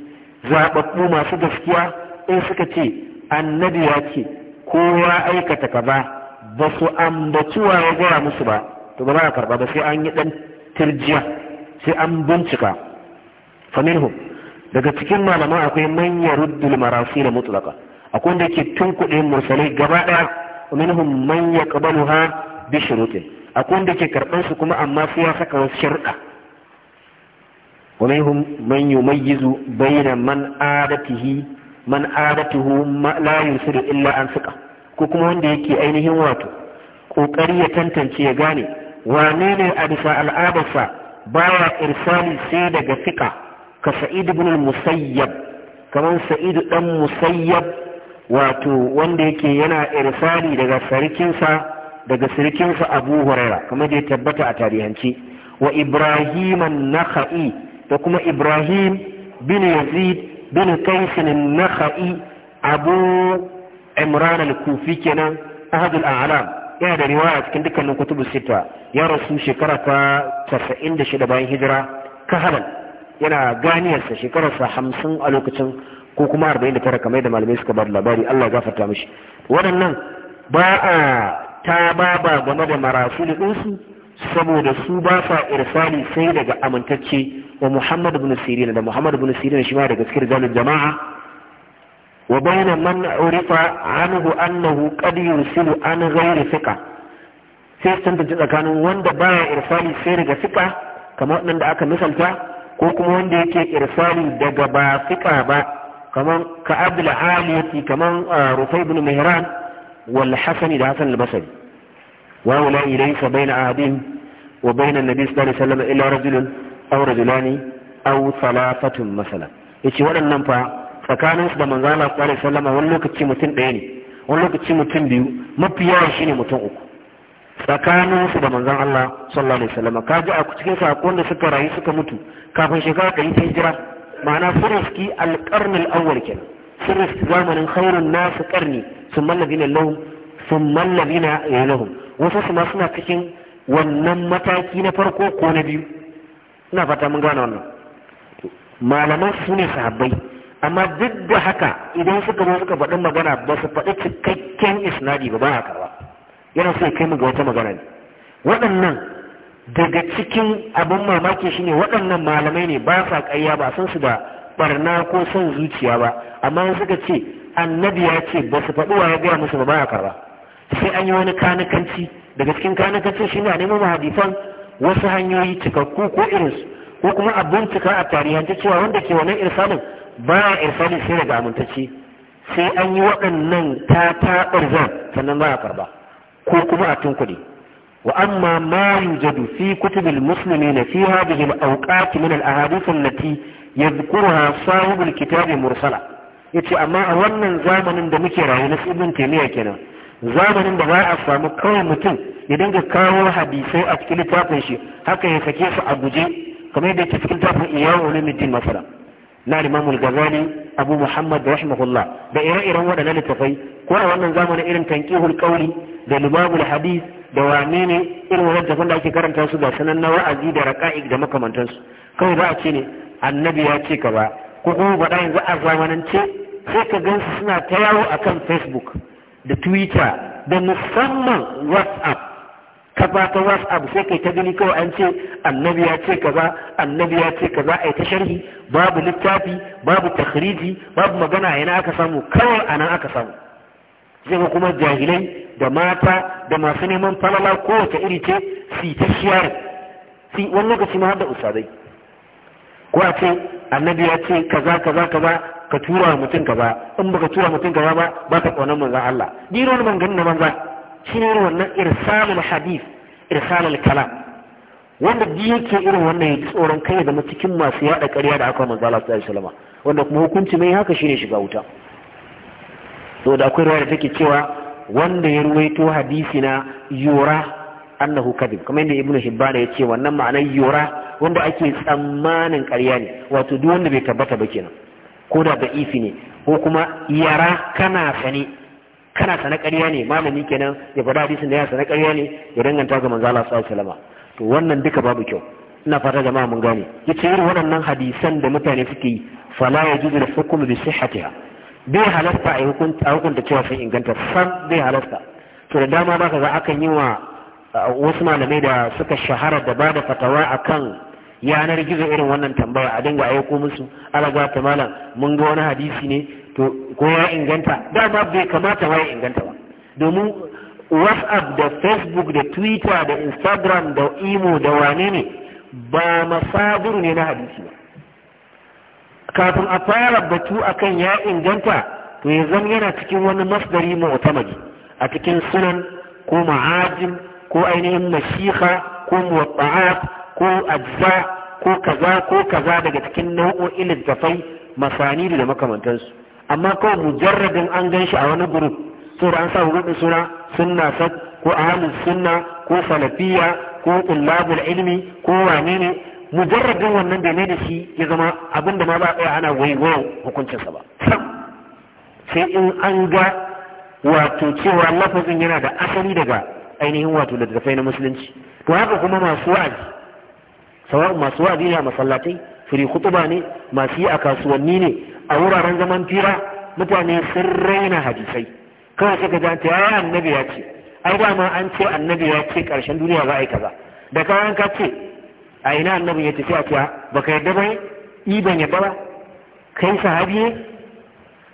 zaɓaɓɓu masu gaskiya in suka ce annabi ya ce ko ya aikata kaza ba su ambaciwa ya gora musu ba to ba za a karba ba sai an yi dan tirjiya sai an bincika faminhum daga cikin malaman akwai man yaruddul marasil mutlaqa akwai wanda yake tunkuɗe mursalai gaba ɗaya minhum man ha bi shurutin akwai wanda yake karban su kuma amma sai ya saka wasu shirka wa minhum man yumayyizu bayna man adatihi man adatuhu la yusiru illa an suka ko kuma wanda yake ainihin wato kokari ya tantance ya gane wane ne a bisa al'adarsa baya irsali sai daga fika ka sa'id ibn musayyab kamar sa'id dan musayyab wato wanda yake yana irsali daga sarkinsa daga sarkinsa abu huraira kamar da ya tabbata a tarihance wa ibrahim an da kuma ibrahim bin yazid bin kaisin nakha'i abu imran al-kufi kenan ahadul a'lam yana da riwaya cikin dukkanin kutubu sita ya rasu shekara ta 96 bayan hijira kahalan yana ganiyarsa sa hamsin a lokacin ko kuma 49 kamar da malamai suka bada labari Allah ya gafarta mishi waɗannan ba a ta baba game da marasul ɗinsu saboda su ba sa irsali sai daga amintacce wa muhammad ibn sirin da muhammad ibn sirin shi ma da gaskiyar zalil jama'a wa bayna man urifa anhu annahu qad yursilu an ghairi thiqa sai da tsakanin wanda baya irfani sai daga thiqa kamar nan da aka misalta ko kuma wanda yake irfani daga ba thiqa ba kamar ka abdul aliyati kamar ah, rufai ibn mihran wal hasani da hasan al-basri wa wala ilaysa bayna ahadin wa bayna an-nabi sallallahu alaihi wasallam illa rajulun aw rajulani aw salafatun masalan yace waɗannan fa tsakanin da manzo Allah sallallahu alaihi wasallam wani lokaci mutum ɗaya ne wani lokaci mutum biyu mafi yawa shine mutum uku tsakanin su da manzon Allah sallallahu alaihi wasallam kaji a cikin sakon da suka rayu suka mutu kafin shekara ɗari ta hijira ma'ana sirriski alƙarnil awwal kenan sirriski zamanin khairun nasu ƙarni sun mallabina lahum sun mallabina lahum wasu su suna cikin wannan mataki na farko ko na biyu ina fata mun gane wannan malaman su ne sahabbai amma duk da haka idan suka zo suka faɗi magana ba su faɗi cikakken isnadi ba ba a karba yana so kai mu ga wata magana ne waɗannan daga cikin abin mamaki shine waɗannan malamai ne ba sa ƙayya ba san su da barna ko son zuciya ba amma suka ce annabi ya ce ba su faɗi wa ya gaya musu ba ba a karba sai an yi wani kanikanci daga cikin kanikanci shine a neman hadifan wasu hanyoyi cikakku ko irinsu ko kuma a bincika a tarihance cewa wanda ke wannan irsalin ba a irsalin sai daga amintacce sai an yi waɗannan ta ta ɓarzan sannan ba a karba ko kuma a tunkuɗe wa amma ma yujadu fi kutubil na fi hadhihi al-awqat min al-ahadith allati yadhkuruha sahibul kitab mursala yace amma a wannan zamanin da muke rayu na ibn taymiya kenan zamanin da za a samu kawai mutum ya dinga kawo hadisai a cikin littafin shi haka ya sake su a guje kamar yadda ke cikin littafin iyawu ulumuddin masara na limamul gazali abu muhammad rahimahullah da ire-iren waɗannan littafai ko a wannan zamani irin tankihul kauli da limamul hadis da wane ne irin wannan tafin da ake karanta su ga sanan na wa'azi da raqa'iq da makamantansu kawai ba a ce ne annabi ya ce ka ba ko kuma faɗa yanzu a zamanance sai ka gansu suna ta yawo akan facebook da twitter da musamman whatsapp kafa ta whatsapp sai kai ta gani kawai an ce annabi ya ce kaza annabi ya ce kaza ai ta sharhi babu littafi babu takhriji babu magana yana aka samu kawai anan aka samu zai ga kuma jahilai da mata da masu neman falala kowace iri ce si ta shiyar si wani lokaci ma da usadai ko a ce annabi ya ce kaza kaza kaza ka tura mutum kaza in baka tura mutum kaza ba ba ka kaunar manzon Allah ni ruwan ban na banza shine irin wannan irsalul hadith irsalul kalam wanda bi yake irin wannan ya tsoron kai da cikin masu yada ƙarya da aka manzo Allah sallallahu alaihi wasallam wanda kuma hukunci mai haka shine shiga wuta to da akwai riwaya da take cewa wanda ya ruwaito hadisi na yura annahu kadib kamar yadda ibnu hibban ya ce wannan ma'anar yura wanda ake tsammanin ƙarya ne wato duk wanda bai tabbata ba kenan ko da da'ifi ne ko kuma yara kana sani kana sana ƙarya ne malami kenan ya faɗa hadisin da ya sana ƙarya ne ya danganta ga manzo Allah sallallahu alaihi wasallam to wannan duka babu kyau ina fata jama'a mun gane yace irin waɗannan hadisan da mutane suke yi fala ya al-hukm bi sihhatiha bai halasta a hukunta hukunta cewa sun inganta san bai halasta to da dama zaka ga akan yi wa wasu malamai da suka shahara da bada fatawa akan yanar gizo irin wannan tambaya a dinga aiko musu alaga ta malam mun ga wani hadisi ne to ko ya inganta dama bai kamata wai inganta ba domin whatsapp da facebook da twitter da instagram da imo da wane ne ba masabur ne na hadisi ba kafin a fara batu akan ya inganta to ya zama yana cikin wani masdari mu'tamadi a cikin sunan ko ma'ajin ko ainihin mashiha ko muwatta'at ko ajza ko kaza ko kaza daga cikin nau'o'in littafai masani da makamantansu amma kawai mujarradin an gan shi a wani group to an sa group suna sunna sat ko ahlus sunna ko salafiya ko tullabul ilmi ko wane ne mujarradin wannan da ne da shi ya zama abin da ma ba tsaya ana waiwayo hukuncinsa ba sai in an ga wato cewa lafazin yana da asali daga ainihin wato littattafai na musulunci to haka kuma masu wa'azi sawa'un masu wa'azi ne a masallatai firi kutuba ne masu yi a kasuwanni ne a wuraren zaman fira mutane sun raina hadisai kawai suka ji ta yaya annabi ya ce ai dama an ce annabi ya ce karshen duniya za a yi kaza da kayan ka ce a ina annabin ya tafi a ce ah, baka yarda ba yi ban yarda ba kai sahabi ne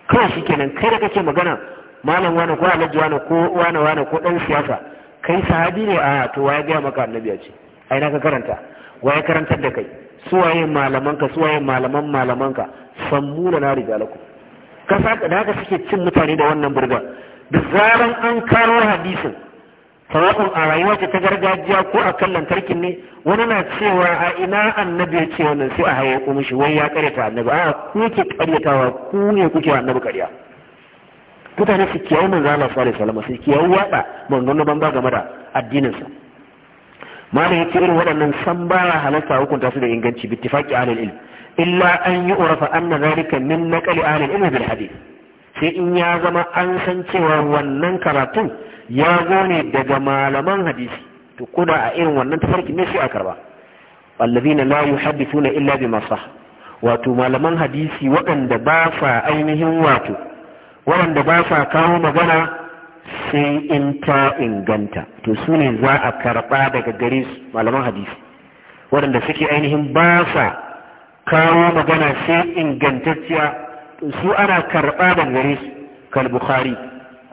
kawai shi kenan kai da kake magana malam wani ko alhaji wani ko wani wani ko dan siyasa kai sahabi ne a to ya gaya maka annabi ya ce a na ka karanta wa ya karantar da kai suwaye malamanka suwaye malaman malamanka sammu da na rijalaku ka saka da haka suke cin mutane da wannan burga da zaran an karo hadisin sawa'un a rayuwa ta gargajiya ko a kan lantarkin ne wani na cewa a ina annabi ya ce wannan sai a haye ku mishi wai ya karyata annabi a ku ke karyatawa ku ne kuke annabi karya mutane su kiyaye manzo Allah sallallahu alaihi wasallam su kiyaye wada manzo banza game da addinin sa malam ce irin waɗannan san ba halatta hukunta su da inganci bittifaqi ahlul ilm illa an yu'rafa anna zalika min naqli ahlul ilm bil hadith sai in ya zama an san cewa wannan karatun ya zo ne daga malaman hadisi to kuna a irin wannan tafarki ne sai a karba allazina la yuhaddithuna illa bima sah wato malaman hadisi waɗanda ba sa ainihin wato waɗanda ba sa kawo magana sai in ta inganta to su ne za a karɓa daga gare su malaman hadisi waɗanda suke ainihin ba sa kawo magana sai ingantacciya to su ana karɓa daga gare su kal bukhari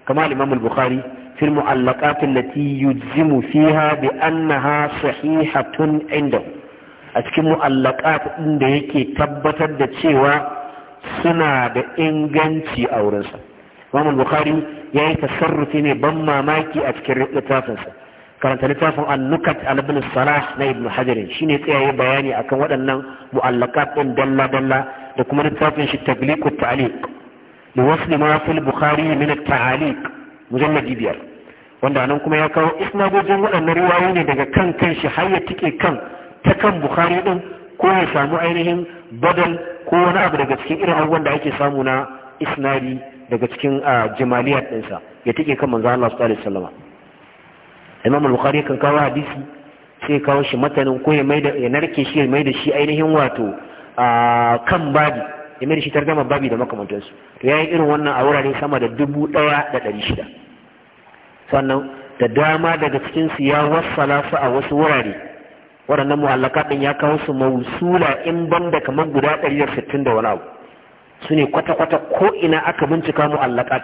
kama al-imam al-bukhari fi muallaqat allati yujzimu fiha bi annaha sahihatun inda a cikin mu'allaqat din da yake tabbatar da cewa suna da inganci a wurinsa Imam Bukhari ya yi tasarrufi ne ban mamaki a cikin littafinsa karanta littafin annukat albin salah na ibn hajarin shine tsayaye bayani akan waɗannan mu'allakat ɗin dalla dalla da kuma littafin shi tagliqut ta'liq li wasli ma fil bukhari min at-ta'aliq mujalladi biyar wanda nan kuma ya kawo isnadojin waɗannan riwayoyi ne daga kan kan shi har ya tike kan ta kan bukhari din ko ya samu ainihin badal ko wani abu daga cikin irin abubuwan da ake samu na isnadi daga cikin jimaliyar ɗinsa ya take kan manzo Allah sallallahu alaihi wasallam Imam al-Bukhari kan kawo hadisi sai kawo shi matanin ko ya da ya narke shi ya da shi ainihin wato kan babi ya maida shi targama babi da makamantansu to yayi irin wannan a wurare sama da dubu ɗaya da ɗari shida sannan da dama daga cikin su ya wassala su a wasu wurare waɗannan muallaka ɗin ya kawo su mausula in ban da kamar guda ɗari da sittin da wani abu su ne kwata-kwata ko ina aka bincika mu mu'allakat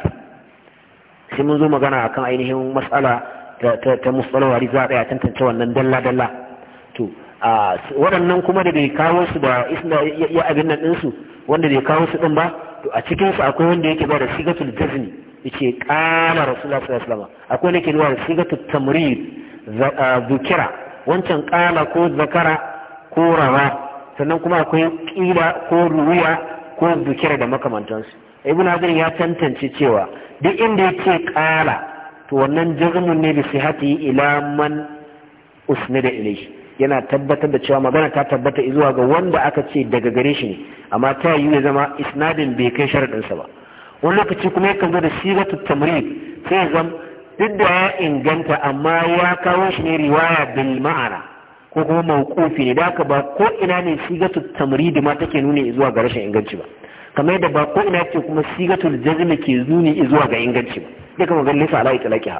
sai mun zo magana akan ainihin matsala ta musallar za a tantance wannan dalla-dalla to waɗannan kuma da bai kawo su da isna ya abin nan ɗinsu wanda bai kawo su ɗin ba to a cikinsu akwai wanda yake ba da sigatul jazni yace rasulullah sallallahu akwai wanda yake ba da sigatul tamrid zukira wancan ko zakara ko rawa sannan kuma akwai ƙila ko ruwa ko zikira da makamantansu ibn hajar ya tantance cewa duk inda yake ƙara to wannan jazmun ne bi sihati ila man usnida ilayhi yana tabbatar da cewa magana ta tabbata zuwa ga wanda aka ce daga gare shi ne amma ta yi ya zama isnadin bai kai sa ba wani lokaci kuma yakan zo da sigatu tamrid sai ya zama duk da ya inganta amma ya kawo shi ne riwaya bil ma'ana ko kuma mawqufi ne da aka ba ko ina ne sigatu tamridi ma take nuni zuwa ga rashin inganci ba kamar yadda ba ko ina ce kuma sigatul jazm ke nuni zuwa ga inganci ba duka magan lisa ala itlaqiha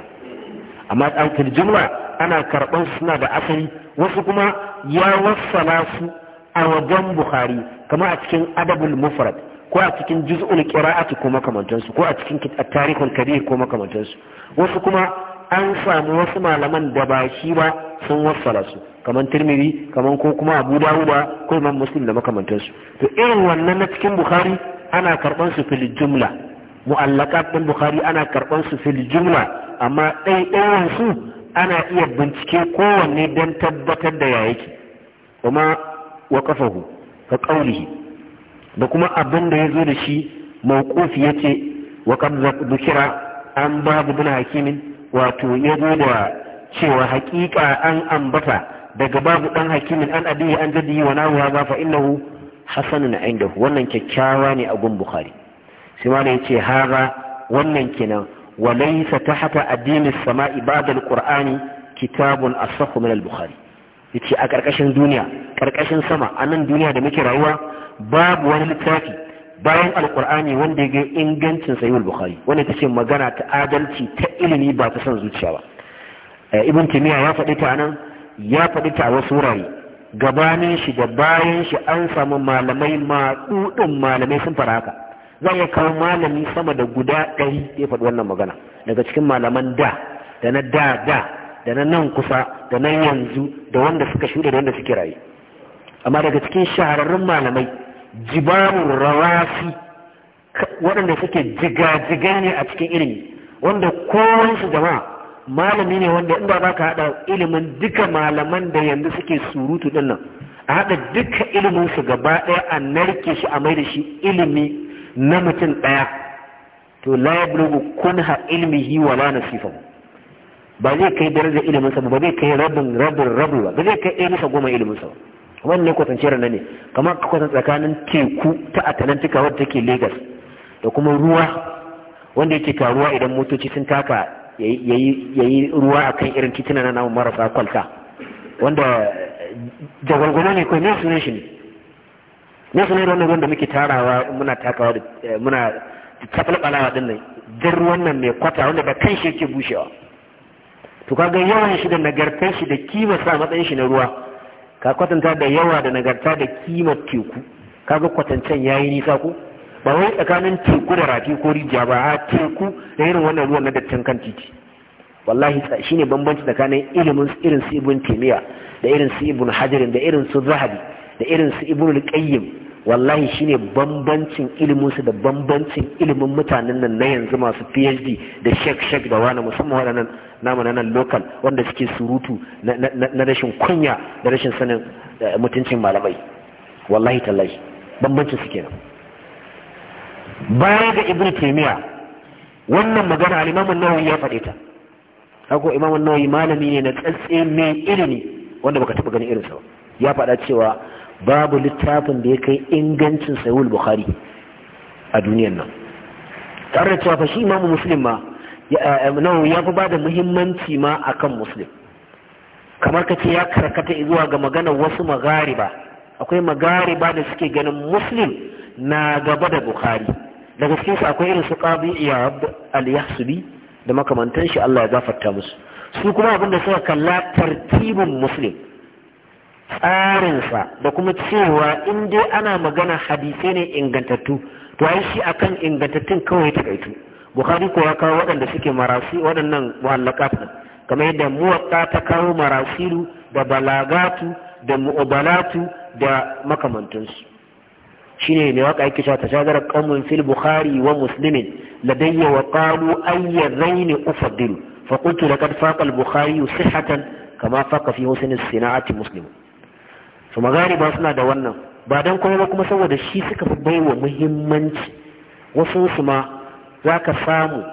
amma tsantar jumla ana karban suna da asali wasu kuma ya wassala su a wajen bukhari kamar a cikin adabul mufrad ko a cikin juz'ul qira'ati ko makamantansu ko a cikin tarihul kabir ko makamantansu wasu kuma an samu wasu malaman da ba shi ba sun wassala su kamar tirmiri kamar ko kuma abu ba ko imam muslim da makamantansu to irin wannan na cikin bukhari ana karban su fil jumla mu'allaqat din bukhari ana karban su fil jumla amma dai ɗayan su ana iya bincike kowanne don tabbatar da ya yake kuma wa kafahu ka da kuma abin da ya zo da shi mawqufi yace wa qad dhukira an babu bin hakimin wato ya zo da cewa haƙiƙa an ambata daga babu ɗan hakimin an abiyi an jaddihi wa nahu haza fa innahu hasanun indahu wannan kyakkyawa ne a gun bukhari sai ma yace haza wannan kenan wa laysa tahta addinin samai ba'da alqur'ani kitabun asahhu min al-bukhari yace a karkashin duniya karkashin sama a nan duniya da muke rayuwa babu wani littafi bayan alkur'ani wanda ya ga ingancin sahihul bukhari wanda ta magana ta adalci ta ilimi ba ta son zuciya ba eh, ibn timiya ya faɗi ta nan ya faɗi ta wasu wurare gabanin shi da bayan shi an samu malamai maɗuɗin malamai sun fara haka za a kawo malami sama da guda ɗari ya faɗi wannan magana daga cikin malaman da da na da da da na nan kusa da nan yanzu da wanda suka shuɗe da wanda suke raye amma daga cikin shahararrun malamai jibarun rawasi waɗanda suke jigajigai ne a cikin ilimi wanda kowansu jama'a malami ne wanda inda ba ka haɗa ilimin duka malaman da yanzu suke surutu ɗin nan a haɗa duka iliminsu gaba ɗaya a narke shi a maida shi ilimi na mutum ɗaya to la ya bulugu kunha wa wala nasifa ba zai kai darajar iliminsa ba zai kai rabin rabin rabin ba zai kai ilimin sa goma iliminsa ba wannan ne kwatance rana ne kamar ka kwatanta tsakanin teku ta atlantika wadda take lagos da kuma ruwa wanda yake karuwa idan motoci sun taka yayi ruwa akan irin titina na namun marasa kwalta wanda jagwalgwalo ne nesu ne shi ne ne wannan ruwan da muke tarawa muna takawa da eh, muna tafalbalawa din nan jar ruwan nan mai kwata wanda da kan shi yake bushewa to kaga yawan shi da nagartar shi da kima sa matsayin shi na ruwa ka kwatanta da yawa da nagarta da kimar teku kaga kwatancen yayi nisa ko ba wai tsakanin teku da rafi ko rijiya ba a teku da irin wannan ruwan na dattin kan titi wallahi shine bambanci tsakanin ilimin irin su ibn da irin su ibn hajarin da irin su zahabi da irin su ibn al-qayyim wallahi shine bambancin ilimin su da bambancin ilimin mutanen nan na yanzu masu PhD da shek shek da wani musamman waɗannan namu na nan lokal wanda suke surutu na rashin kunya da rashin sanin eh, mutuncin malamai wallahi tallahi bambancin su kenan baya ga ibnu taymiya wannan magana al-imam an-nawawi ya faɗe ta hako imam an-nawawi malami ne na tsatsi mai ilimi wanda baka taba ganin irinsa ba ya faɗa cewa babu littafin da ya kai ingancin sahih bukhari a duniyar nan tare da cewa fa shi imam muslim ma Eh, eh, ya fi ba da muhimmanci ma akan muslim kamar ka ce ya karkata zuwa ga magana wasu magariba akwai magariba da suke ganin muslim na gaba da bukari. daga cikin su akwai irin su qabi al-yahsubi da makamantan shi Allah ya gafarta musu su kuma abin da suka kalla tartibin muslim tsarinsa da kuma cewa in dai ana magana hadisai ne ingantattu to ai shi akan ingantattun kawai takaitu bukhari kuwa kawo waɗanda suke marasi waɗannan muhallaka din kamar yadda muwatta ta kawo marasilu da balagatu da mu'abalatu da makamantansu shine mai waka yake cewa tashagara qaumun fil bukhari wa muslimin ladayya wa qalu ayya zaini ufaddilu fa qultu laqad faqa al bukhari sihhatan kama faqa fi husn al sina'ati muslim to ba suna da wannan ba dan kuma ba kuma saboda shi suka fi baiwa muhimmanci wasu su ma za ka samu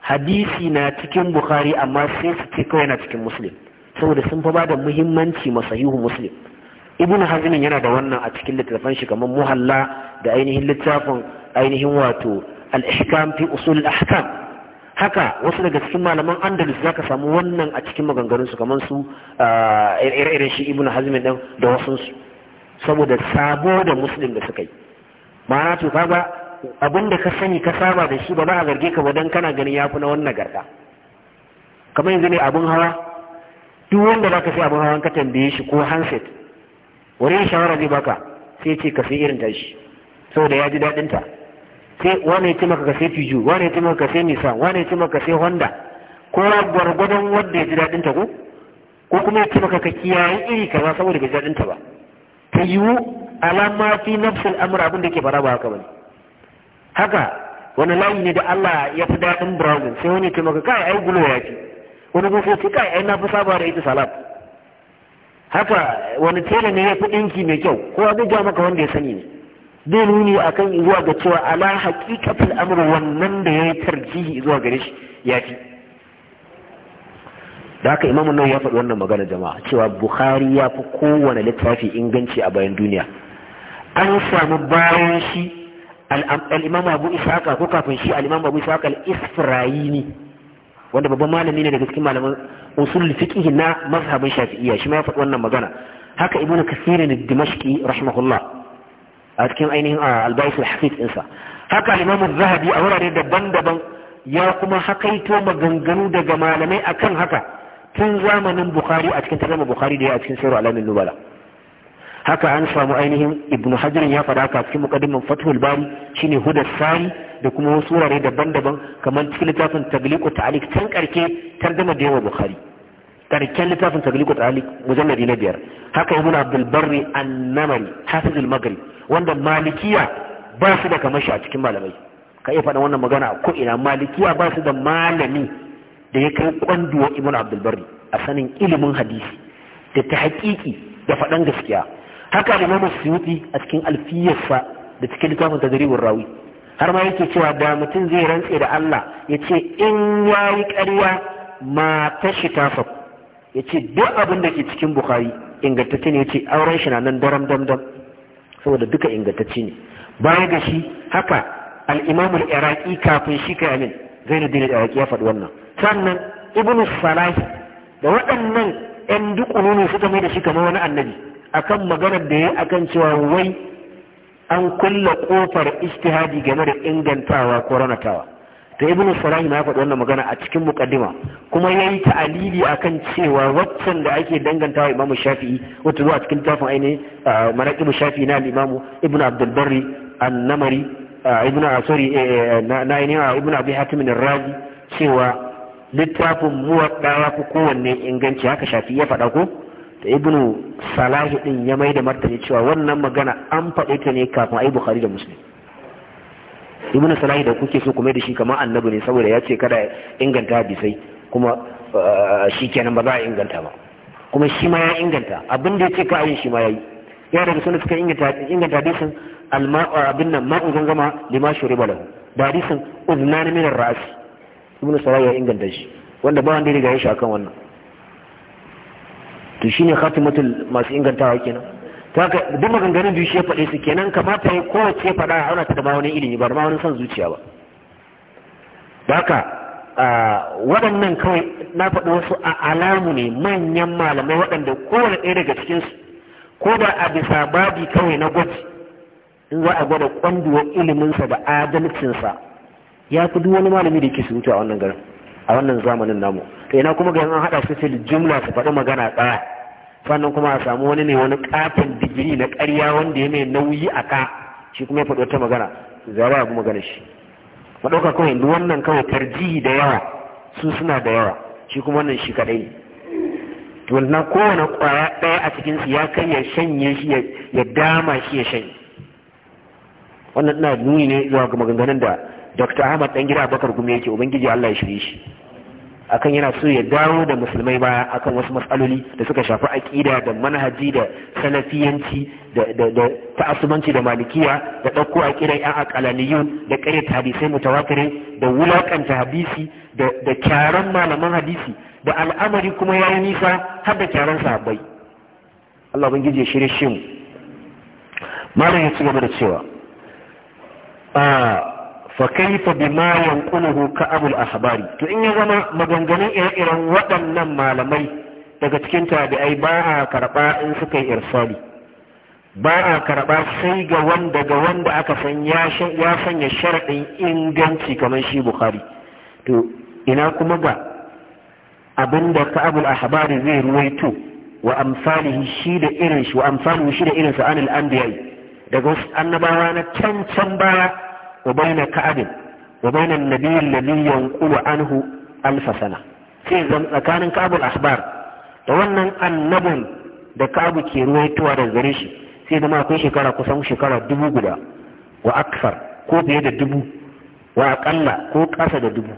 hadisi na cikin bukhari amma sai su ce kawai na cikin muslim saboda sun fa bada muhimmanci masahihu muslim ibnu hazmin yana da wannan a cikin littafin shi kamar muhalla da ainihin littafin ainihin wato al-ihkam fi usul al-ahkam haka wasu daga cikin malaman andalus zaka samu wannan a cikin maganganunsu kamar su ire-iren shi ibnu hazmin din da wasu saboda sabo da muslim da suka yi ma'ana to kaga abin da ka sani ka saba da shi ba za a zarge ka ba don kana ganin ya fi na wannan garda kamar yanzu ne abin hawa duk wanda baka sai abin hawan ka tambaye shi ko handset wani shawara zai baka sai ce ka sai irin tashi saboda ya ji daɗin ta sai wani ya maka ka sai fiju wani ya maka ka sai nisan wani ya maka ka sai Honda ko gwargwadon wanda ya ji daɗin ta ko ko kuma ya ce maka ka kiyaye iri kaza saboda ka ji daɗin ta ba ta yiwu alama fi nafsul amr abin da ke fara ba haka bane haka wani layi ne da Allah ya fi daɗin brazil sai wani ce maka kai ai gulo ya fi wani kuma sai kai ai na fi saba da ita salat haka wani tela ne ya fi ɗinki mai kyau ko a gajiya maka wanda ya sani ne zai nuni a kan zuwa ga cewa ala haƙiƙatul amur wannan da ya yi tarjihi zuwa gare shi ya fi da haka imamu nan ya faɗi wannan magana jama'a cewa bukhari ya fi kowane littafi inganci a bayan duniya an samu bayan shi alimam imam abu ko kafin shi al-imam abu ishaqa al wanda babban malami ne daga cikin malaman usul fiqh na mazhabin shafi'iyya shi ma ya faɗi wannan magana haka ibnu kasiri ad-dimashqi rahimahullah a cikin ainihin al-bayt al-hafiz insa haka al zahabi a wurare daban-daban ya kuma hakaito maganganu daga malamai akan haka tun zamanin bukhari a cikin tarjuma bukhari da ya a cikin sirru alamin nubala haka an samu ainihin ibnu hajar ya faɗa haka cikin muqaddimin fathul bari shine huda sari da kuma wasu wurare daban-daban kamar cikin littafin tagliqu ta'liq can karke tarjuma da yawa bukhari karken littafin tagliqu ta'liq mujalladi na biyar haka ibnu abdul barri an-namari hafizul maghrib wanda malikiya ba su da kamar shi a cikin malamai ka iya faɗa wannan magana ko ina malikiya ba su da malami da ya kai kwanduwa ibnu abdul barri a sanin ilimin hadisi da ta haƙiƙi da faɗan gaskiya haka Imam Suyuti a cikin alfiyarsa da cikin littafin Tadribur Rawi har ma yake cewa da mutum zai rantse da Allah ya ce in yayi ƙarya ma ta shi ya ce duk abin da ke cikin Bukhari ingantacce ne ya ce auren shi na nan daram dam dam saboda duka ingantacce ne baya ga shi haka alimamul imam kafin shi kai amin Zainuddin al-Iraqi ya faɗi wannan sannan Ibn Salah da waɗannan 'yan duk suka mai da shi kamar wani annabi akan maganar da ya akan cewa wai an kulla kofar istihadi game da ingantawa ko ranatawa to ibnu salah na faɗi wannan magana a cikin muqaddima kuma yayi ta'alili akan cewa waccan da ake dangantawa imamu shafi'i wato zuwa cikin tafin aini maraqibu shafi'i na al-imamu ibnu abdul barri an-namari ibnu asari eh, eh, eh, na wa ibnu abi hatim ar-razi cewa littafin muwadda ko kowanne inganci haka shafi'i ya faɗa ko da ibnu salahi din ya mai da martani cewa wannan magana an faɗe ta ne kafin ai bukhari da muslim ibnu salahi da kuke so kuma da shi kamar annabi ne saboda ya ce kada inganta hadisai kuma eh, shi kenan ba za a inganta ba kuma shi ma ya inganta abin da ya ce ka shi ma ya yi ya daga sunan suka inganta hadisin eh, abin nan ma'un gangama lima shuri balahu da hadisin uzunan minar ra'asi ibnu salahi ya inganta shi wanda ba wanda ya riga ya shi akan wannan to shine khatimatul masu ingantawa kenan to ka duk maganganun biyu shi ya faɗe su kenan yi kowace faɗa a auna ta da wani ilimi ba ma wani son zuciya ba da ka waɗannan kawai na faɗi wasu a alamu ne manyan malamai waɗanda kowane ɗaya daga cikinsu ko da a bisa babi kawai na gwaji in za a gwada kwanduwar iliminsa da adalcinsa ya fi duk wani malami da ke surutu a wannan garin a wannan zamanin namu to ina kuma ga an hada su jumla su faɗi magana ɗaya sannan kuma a samu wani ne wani ƙafin digiri na ƙarya wanda ya mai nauyi a ka shi kuma ya faɗi wata magana za ba abu magana shi maɗauka kawai duk wannan kawai tarjihi da yawa su suna da yawa shi kuma wannan shi kaɗai wannan kowane ƙwaya ɗaya a cikin cikinsu ya kai ya shanye shi ya dama shi ya shanye wannan ina nuni ne zuwa ga maganganun da dr ahmad ɗan gida bakar gumi yake ubangiji allah ya shirye shi akan yana so ya dawo da musulmai baya akan wasu matsaloli da suka shafi aƙida da manhaji da salafiyanci da ta'assumanci da malikiya da ɗauko aƙidar yan aƙalaniyun da ta hadisai mutawatire da wulaƙanta hadisi da kyaran malaman hadisi da al'amari kuma ya yi nisa har da kyaran sahabbai Allah bin gije shirye shi mu malam ya ci gaba da cewa ah, fa bi ma yanquluhu ka abul ahbari to in ya zama maganganun irin iren waɗannan malamai daga cikin tabi'ai ba a karɓa in suka yi irsali ba a karɓa sai ga wanda ga wanda aka san ya sanya sharaɗin inganci kamar shi bukhari to ina kuma ga abinda ka abul ahbari zai ruwaito wa amsalihi shi da irin shi wa amsalihi shi da irin sa anil anbiya daga wasu annabawa na can can baya وبين كعب وبين النبي الذي ينقل عنه ألف سنة في زمان كعب الأخبار وأن النبي da kabu ke ruwaitowa da gare shi sai zama akwai shekara kusan shekara dubu guda wa aksar ko fiye da dubu wa akalla ko kasa da dubu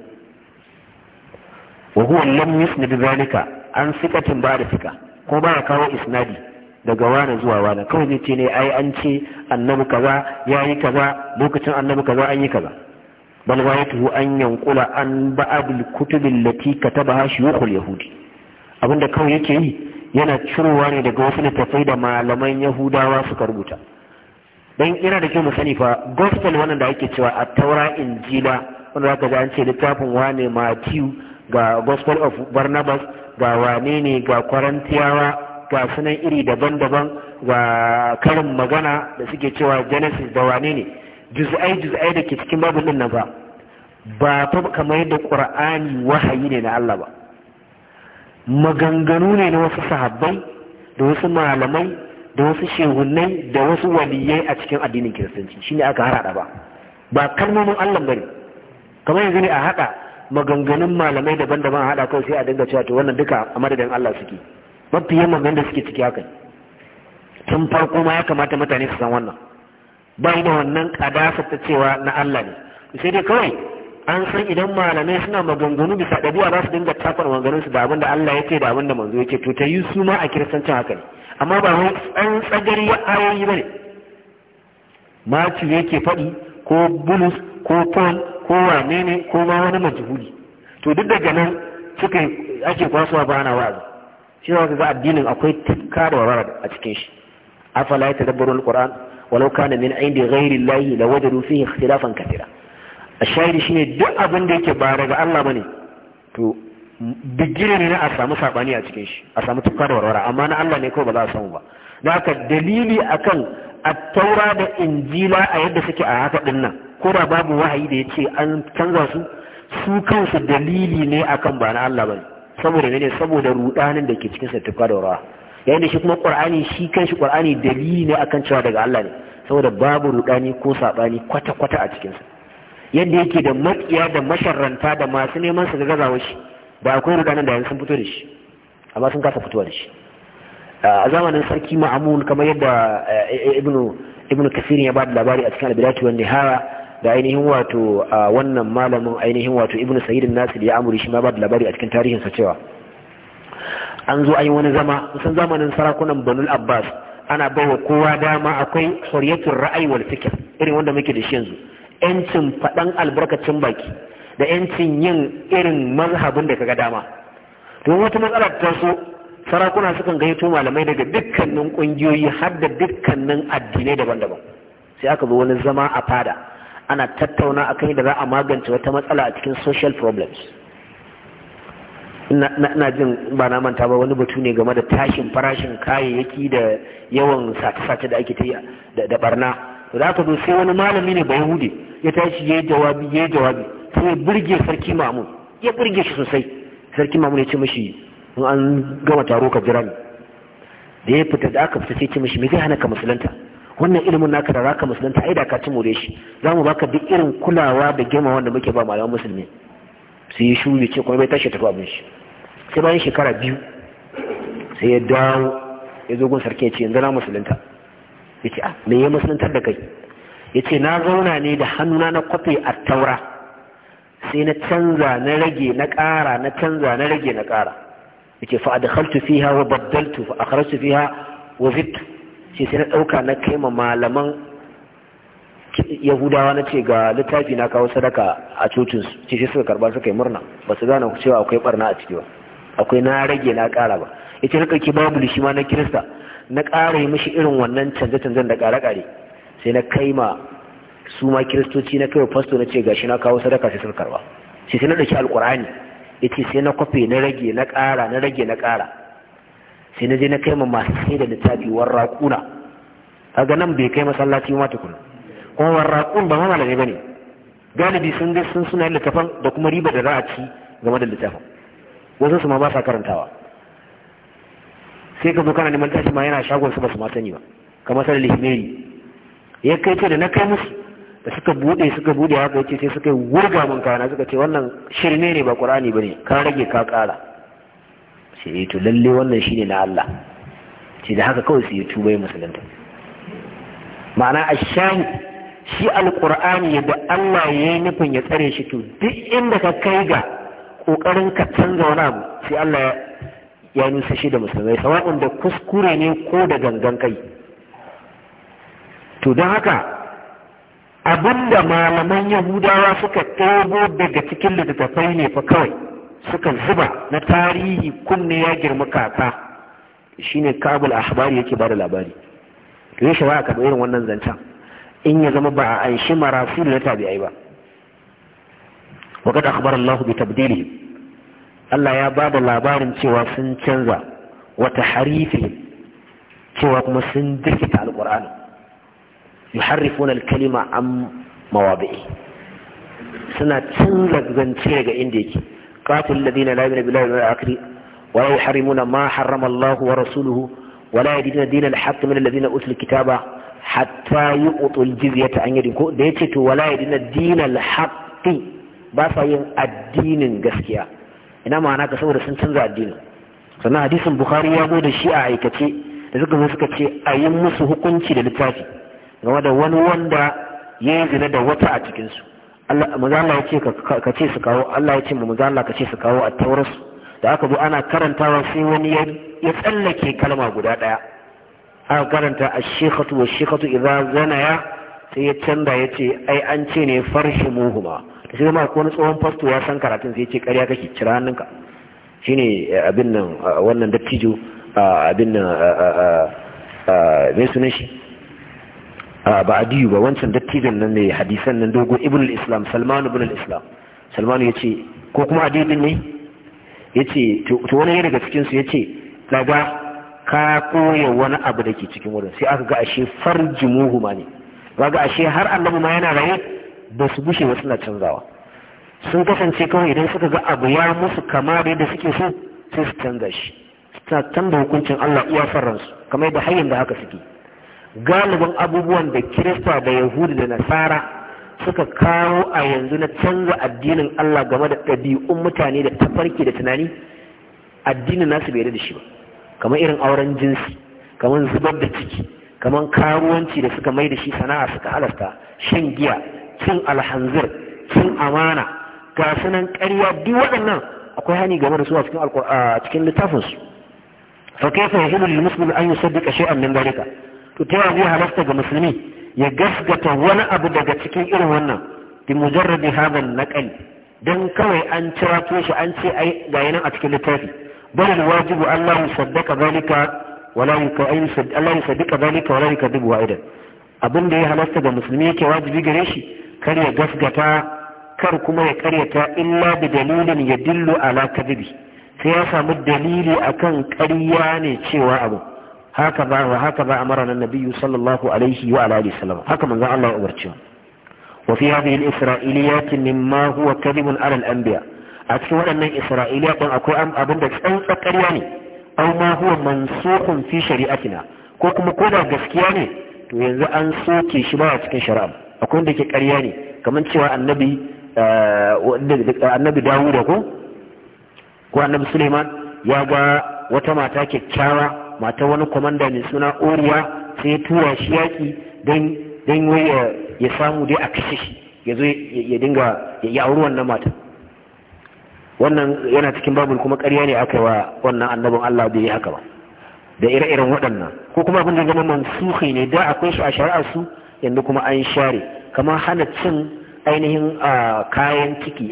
wa huwa lam yusnid zalika an sikatin ba da sika ko ba ya kawo isnadi daga wane zuwa wane kawai zai ce ne ai an ce annabi kaza ya yi kaza lokacin annabi kaza an yi kaza bal wayatuhu an yankula an ba'adul kutubin lati katabaha shuyukhul yahudi abinda kawai yake yi yana cirowa ne daga wasu littattafai da malaman yahudawa suka rubuta dan yana da kyau mu sani fa gospel wannan da ake cewa a taura injila wanda zaka ga an ce littafin wane matiyu ga gospel of barnabas ga wane ne ga kwarantiyawa ga sunan iri daban-daban ga karin magana da suke cewa genesis da wane ne juz'ai juz'ai da ke cikin babu din nan ba ba ta kamar yadda qur'ani wahayi ne na Allah ba maganganu ne na wasu sahabbai da wasu malamai da wasu shehunnai da wasu waliyai a cikin addinin kiristanci shine aka harada ba ba kalmomin Allah bane kamar yanzu ne a hada maganganun malamai daban-daban a hada kawai sai a dinga cewa to wannan duka a madadin Allah suke mafi yawan da suke ciki haka tun farko ma ya kamata mutane su san wannan yi da wannan kadasa ta cewa na Allah ne sai dai kawai an san idan malamai suna maganganu bisa ɗabi'a za su dinga tafar maganganun su da abin da Allah yake da abin da manzo yake to ta yi su ma a kiristancin haka ne amma ba wai tsan tsagari ya ayoyi ne Matthew yake faɗi ko Bulus ko Paul ko wane ne ko ma wani majhuli to duk daga nan suka ake kwasuwa ba ana wa'azi shi za ga addinin akwai tikka da warwara a cikin shi afala ya tadabbaru alquran walau kana min indi ghairi llahi lawajadu fihi ikhtilafan katira ashari shine duk abin da yake ba daga Allah bane to digire ne a samu sabani a cikin shi a samu tukka da warwara amma na Allah ne kawai ba za a samu ba da haka dalili akan at-taura da injila a yadda suke a haka din nan ko da babu wahayi da yace an canza su su kansu dalili ne akan ba na Allah bane saboda mene saboda rudanin da ke cikin sattuka da rawa yayin da shi kuma qur'ani shi kan shi qur'ani dalili ne akan cewa daga Allah ne saboda babu rudani ko sabani kwata kwata a cikin sa yadda yake da makiya da masharranta da masu neman su ga shi da akwai rudanin da yanzu sun fito da shi amma sun kasa fitowa da shi a zamanin sarki ma'amun kamar yadda eh, eh, ibnu ibnu kasirin ya ba da labari a cikin albidatu wanda hara da ainihin wato a wannan malamin ainihin wato ibn sa'id an-nasir ya amuri shi ma ba da labari a cikin tarihin sa cewa an zo ayi wani zama san zamanin sarakunan banul abbas ana bawa kowa dama akwai huriyatul ra'ayi wal fikr irin wanda muke da shi yanzu yancin faɗan albarkacin baki da yancin yin irin mazhabin da kaga dama to wata matsala ta so sarakuna sukan gayyato malamai daga dukkanin kungiyoyi har da dukkanin addinai daban-daban sai aka zo wani zama a fada ana tattauna akan yadda za a magance wata matsala a cikin social problems na jin ba na manta ba wani batu ne game da tashin farashin kayayyaki da yawan sace-sace da ake ta da barna za ka zo sai wani malami ne hude ya tashi ya yi jawabi ya jawabi sai ya burge sarki mamun ya burge shi sosai sarki mamun ya ce mashi in an gama taro ka jira da ya fita da aka fita sai ce mashi me zai hana ka musulunta wannan ilimin naka da raka musulunta ai da ka ci more shi za mu baka duk irin kulawa da girma wanda muke ba malaman musulmi sai ya shuru ce kuma bai tashi tafi abin shi sai bayan shekara biyu sai ya dawo ya zo gun sarki ya ce yanzu na musulunta ya ce ah me ya musuluntar da kai ya ce na zauna ne da hannuna na kwafe a taura sai na canza na rage na ƙara na canza na rage na ƙara ya ce fa adkhaltu fiha wa baddaltu fa akhrajtu fiha wa zittu ce sai na ɗauka na kai ma malaman yahudawa na ce ga littafi na kawo sadaka a cocin su ce suka karba suka yi murna ba su gane cewa akwai barna a ciki ba akwai na rage na ƙara ba ya ce na ɗauki babul shi ma na kirista na ƙara yi mishi irin wannan canje-canjen da ƙare-ƙare sai na kai ma su ma kiristoci na kai fasto na ce ga shi na kawo sadaka sai suka karba sai sai na ɗauki alƙur'ani ya ce sai na kwafe na rage na ƙara na rage na ƙara sai na je na kai ma masu sai da littafi warraƙuna ga nan bai kai masallaci ma tukuna kuma warraƙun ba ne bane galibi sun ga sun suna littafan da kuma riba da za a ci game da littafin wasu su ma ba sa karantawa sai ka zo kana neman tashi ma yana shagon su ba su ma sani ba kamar sai lihimeri ya kai ce da na kai musu da suka bude suka bude haka yace sai suka yi wurga mun kana suka ce wannan shirme ne ba qur'ani bane ka rage ka kara sai eh, to lalle wannan shine na Allah ce da haka kawai sai ya tuba musulunta ma'ana ashahu shi alqur'ani yadda Allah ya yi nufin ya tsare shi to duk inda ka kai ga kokarin ka canza wani abu sai Allah ya nusa shi da musulmai sawa'un da kuskure ne ko da gangan kai to don haka abinda malaman yahudawa suka tobo daga cikin littattafai ne fa kawai Sukan zuba na tarihi kunne ya girma kaka Shi shine kabul ahbari yake bada labari to yi shawara kamar irin wannan zancen in ya zama ba a anshi da na tabi'ai ba wa kad Allah bi tabdili Allah ya bada labarin cewa sun canza wa tahrifihim cewa kuma sun dikita alqur'ani yuharrifuna al-kalima am mawabi'i suna canza zance daga inda yake قاتل الذين لا يؤمنون بالله واليوم الآخر ولا يحرمون ما حرم الله ورسوله ولا يدينون دين الحق من الذين أوتوا الكتاب حتى يؤتوا الجزية عن يد da yace to wala yadina dinal haqqi ba sa yin addinin gaskiya ina ma'ana ka saboda sun canza addinin sannan hadisin bukhari ya zo shi a aikace da suka zo suka ce a yi musu hukunci da littafi game da wani wanda ya yi zina da wata a cikinsu Allah ya ce ka ce su kawo Allah ya ce mu Allah ka ce su kawo a tauras da aka zo ana karantawa sai wani ya tsallake kalma guda daya aka karanta shekatu wa shekatu idan zana zanaya sai ya canza ya ce ai an ce ne da shi ma ko wani tsohon fasto ya san karatun sai ya ce ƙarya kake cira hannunka shine eh, abin nan ah, wannan dattijo ah, abin nan ah, mai sunan shi ba adiyu ba wancan dattijan nan ne hadisan nan dogo ibn al-islam salman ibn al-islam salman ya ko kuma adiyu ne ya to wani daga cikinsu ya ce daga ka koya wani abu da ke cikin wurin sai aka ga ashe farji ma ne ba ga ashe har annabi ma yana raye ba su gushe ba suna canzawa sun kasance kawai idan suka ga abu ya musu kama da yadda suke so sai su canza shi suna canza hukuncin Allah uwa faransu kamar yadda hanyar da haka suke galibin abubuwan da kirista da Yahudu, da nasara suka kawo a yanzu na canza addinin Allah game da ɗabi'un mutane da tafarki da tunani addinin nasu bai da shi ba kamar irin auren jinsi kamar zubar da ciki kamar karuwanci da suka mai da shi sana'a suka halasta shan giya cin alhanzir cin amana ga sunan ƙarya duk waɗannan akwai hani game da su a cikin littafinsu fa kaifa yahibu lil muslim an yusaddiqa shay'an min dalika to ta halasta ga musulmi ya gaskata wani abu daga cikin irin wannan bi mujarrabi hadan naqal dan kawai an cirato shi an ce ai ga yanan a cikin littafi bal wajibu Allah saddaka zalika wala yukaim Allah saddaka zalika wala dubu wa'ida abin da ya halasta ga musulmi yake wajibi gare shi kar ya gaskata kar kuma ya karyata illa bi dalilin ya dillu ala kadibi sai ya samu dalili akan ƙarya ne cewa abu haka ba wa haka ba amara annabi sallallahu alaihi wa alihi wasallam haka manzo Allah ya umarce wa fi hadhihi al-isra'iliyat mimma huwa kadhibun ala al-anbiya a cikin waɗannan isra'iliya ɗin akwai abin da tsantsa ƙarya ne aw ma huwa mansukun fi shari'atina ko kuma ko da gaskiya ne to yanzu an soke shi ba a cikin shari'a akwai da ke ƙarya ne kamar cewa annabi eh, annabi Dawud ko ko annabi Suleiman ya ga wata mata kyakkyawa mata wani kwamandan mai suna oriya sai ya tura shi yaƙi don wai ya samu dai a kashe shi ya zo ya dinga ya auri wannan mata wannan yana cikin babul kuma karya ne aka wa wannan annabin Allah bai yi haka ba da ire-iren waɗannan ko kuma abin da zama mansuhi ne da akwai shi a shari'ar su yanzu kuma an share kamar hana cin ainihin kayan ciki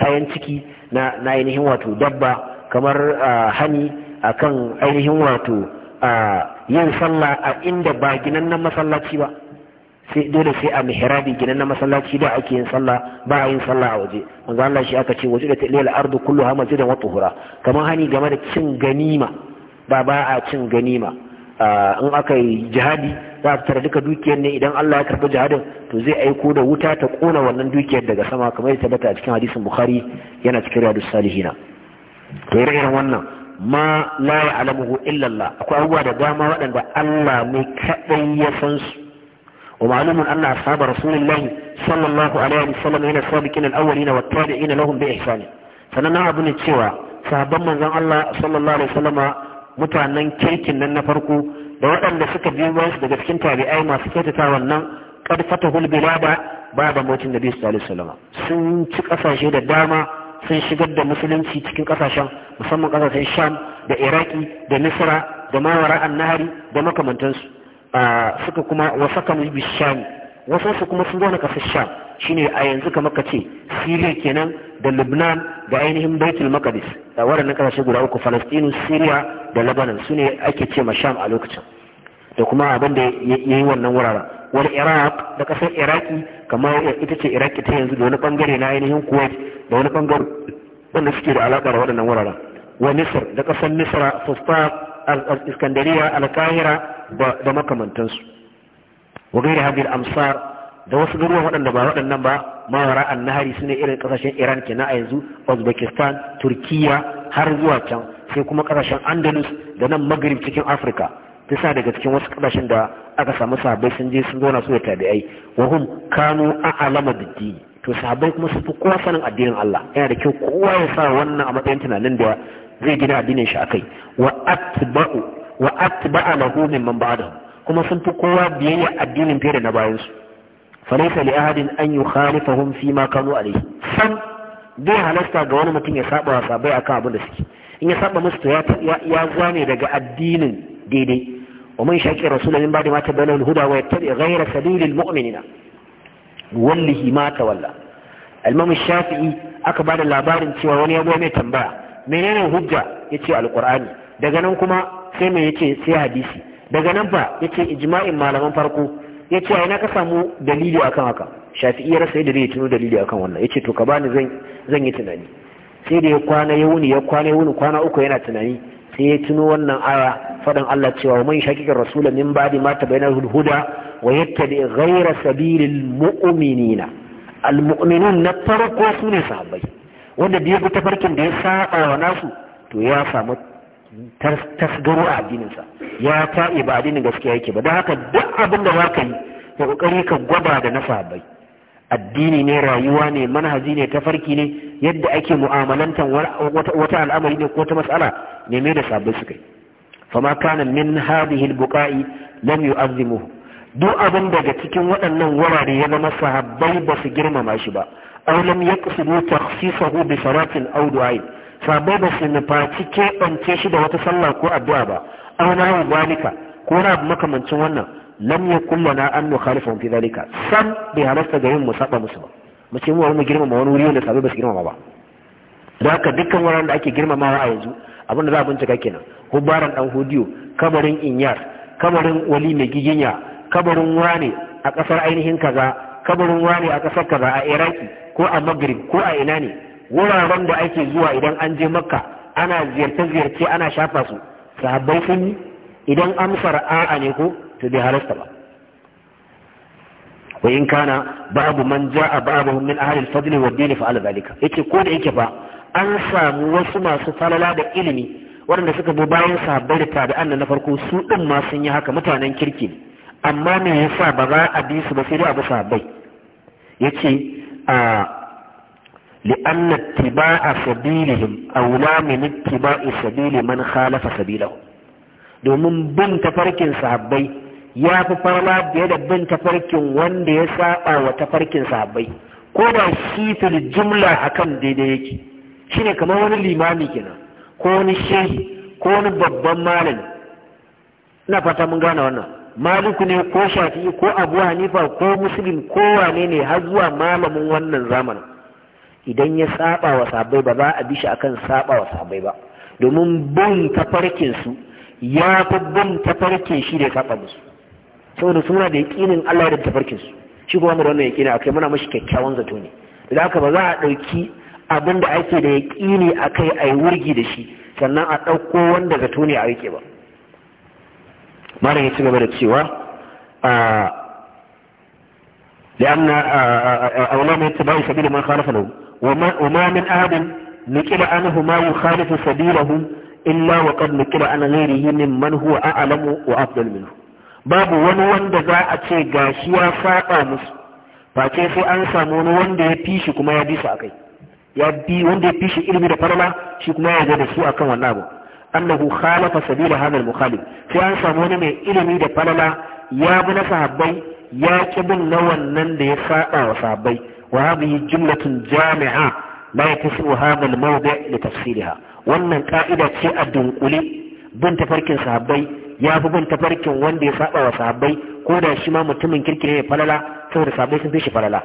kayan ciki na ainihin wato dabba kamar hani akan ainihin wato yin sallah a inda ba ginannen masallaci ba sai dole sai a mihrabi ginannen masallaci da ake yin sallah ba a yin sallah a waje manzo Allah shi aka ce waje da tilal ardu kulluha masjidan wa tuhura kamar hani game da cin ganima ba ba a cin ganima in aka yi jihadi za a fitar duka dukiyar ne idan Allah ya karɓi jihadin to zai aiko da wuta ta kona wannan dukiyar daga sama kamar ta tabbata a cikin hadisin Bukhari yana cikin riyadus salihina to irin wannan ma la ya'lamuhu illa Allah akwai abubuwa da dama waɗanda Allah mai kaɗan ya san su wa ma'lumun anna ashabu rasulillahi sallallahu alaihi wa sallam yana sabiqin al-awwalin wa tabi'in lahum bi ihsan sanan abu ne cewa sahabban manzon Allah sallallahu alaihi wa sallam mutanen kirkin nan na farko da waɗanda suka biyo bayan daga cikin tabi'ai masu kyautata wannan qad fatahul bilada da mutin nabi sallallahu alaihi wa sallam sun ci kasashe da dama sun shigar da musulunci cikin kasashen musamman kasashen sham da iraki da misra da mawara nahari da makamantansu suka kuma wasaka mu bisham wasu su kuma sun zauna kasar sham shine a yanzu kamar ka ce Siriya kenan da lebanon da ainihin baitul maqdis a waɗannan kasashe guda uku falastinu Siriya da lebanon su ne ake ce ma sham a lokacin da kuma abin da ya yi wannan wuraren Wani iraq da kasar iraki kamar ita ce iraki ta yanzu da wani bangare na ainihin kuwait da wani bangare wanda suke da alaƙa da waɗannan wuraren wa Misir da kasar misra fustat iskandariya Alkahira, da makamantansu wa gairi Habib amsar da wasu garuruwan waɗanda ba waɗannan ba mawara an nahari su ne irin ƙasashen iran ke na a yanzu uzbekistan turkiya har zuwa can sai kuma ƙasashen andalus da nan magrib cikin afirka ta sa daga cikin wasu kasashen da aka samu sabai sun je sun zauna su da tabi'ai wa hum kanu a'lama biddini to sabai kuma su fi kowa sanin addinin Allah yana da kyau kowa ya sa wannan a matsayin tunanin da zai gina addinin shi akai wa atba'u wa atba'a lahu mimman ba'dahu kuma sun fi kowa biyayya addinin fiye da na bayan su falaysa li ahadin an yukhalifahum fi ma kanu alayhi san bai halasta ga wani mutum ya saba wa sabai akan abin da suke in ya saba musu to ya ya zame daga addinin daidai ومن شاكي رسول من بعد ما تبين له الهدى ويتبع غير سبيل المؤمنين نوله ما تولى المام الشافعي أكبر اللابار سوى وني أبو أمي تنباع منين الهجة يتي على القرآن دقنا كما سيما يتي سي حديثي دقنا با يتي إجماع ما لمن فرقو يتي أين كسامو دليل أكام أكام shafi'i ya rasa yadda zai tuno dalili akan wannan yace to ka bani zan zan yi tunani sai da ya kwana ya wuni ya kwana ya wuni kwana uku yana tunani sai ya tuno wannan aya faɗin Allah cewa man shakikar rasul min ba'di ma tabayyana huda wa yattabi ghayra sabilil mu'minina almu'minun na farko sune sahabbai wanda da bi tafarkin da ya saba wa nasu to ya samu tasgaru a addinin sa ya ta ba addinin gaskiya yake ba dan haka duk abin da ka yi ka kokari ka gwada da na sahabbai addini ne rayuwa ne manhaji ne tafarki ne yadda ake mu'amalantan wata al'amari ne ko ta matsala ne mai da sabbin su kai fama kana min hadhihi al lam yu'azzimuhu duk abin daga cikin waɗannan wurare ya zama sahabbai ba su girmama shi ba aw lam yaqsidu takhsisahu bi salatin aw du'a'i sahabbai ba su nufaci keɓance shi da wata sallah ko addu'a ba aw na zalika ko na makamancin wannan lam yakun lana an nukhalifahum fi dalika sam bai halasta ga yin musaba musu ba mu ce mu mu girmama wani wuri wanda sabai ba su girmama ba da haka dukkan wuraren da ake girmamawa a yanzu abin za a bincika kenan hubaran dan hudiyo kabarin inyar kabarin wali mai giginya kabarin wane a kasar ainihin kaza kabarin wane a kasar kaza a iraki ko a maghrib ko a ina ne wuraren da ake zuwa idan an je makka ana ziyarce-ziyarce ana shafa su sahabbai sun yi idan amsar a'a ne ko to bai halarta ba wa in kana babu man ja'a ba'dhum min ahli al-fadl wa din fa'ala yace ko da yake fa an samu wasu masu falala da ilimi waɗanda suka bi bayan sahabbai da annan na farko su din ma sun yi haka mutanen kirki amma me yasa ba za a bi su ba sai dai abu sahabbai yace a لأن اتباع سبيلهم أولى من اتباع سبيل من خالف سبيله domin bin tafarkin sahabbai ya fi farma biye da bin tafarkin wanda ya saba wa tafarkin sahabbai ko da shi fil jumla akan daidai yake shine kamar wani limami kenan ko wani shehi ko wani babban malami ina fata mun gane wannan maliku ne ko Shafi, ko abu hanifa ko muslim ko wane ne har zuwa malamin wannan zamanin idan ya saba wa sabai ba za a bi shi akan saba wa sabai ba domin bin tafarkin su ya fi bin tafarkin shi da saba musu saboda suna da yaƙinin Allah da tafarkin su shi ko wanda wannan yaƙini akai muna mashi kyakkyawan zato ne da haka ba za a ɗauki abin da ake da yaƙini akai a yi wurgi da shi sannan a ɗauko wanda zato ne a rike ba malam ya ci da cewa da an na a wala mai ta bayi sabili man khalafa lahu wa ma min ahadin nuqila anhu ma yukhalifu sabilahum illa wa qad nuqila an ghayrihi mimman huwa a'lamu wa afdal minhu babu wani wanda za a ce gashi ya saba musu ba ce sai an samu wani wanda ya fi shi kuma ya bi su kai ya bi wanda ya fi shi ilimi da farma shi kuma ya ga da su akan wannan abu annahu khalafa sabila hadha al-mukhalif sai an samu wani mai ilimi da falala ya bi na sahabbai ya ki bin na wannan da ya saba wa sahabbai wa hadhihi jumlatun jami'a la yatasibu hadha al-mawdi' li tafsirha wannan ka'ida ce a dunkule bin tafarkin sahabbai ya fi bin tafarkin wanda ya saba wa sahabbai ko da shi ma mutumin kirki ne ya falala saboda sahabbai sun fi shi falala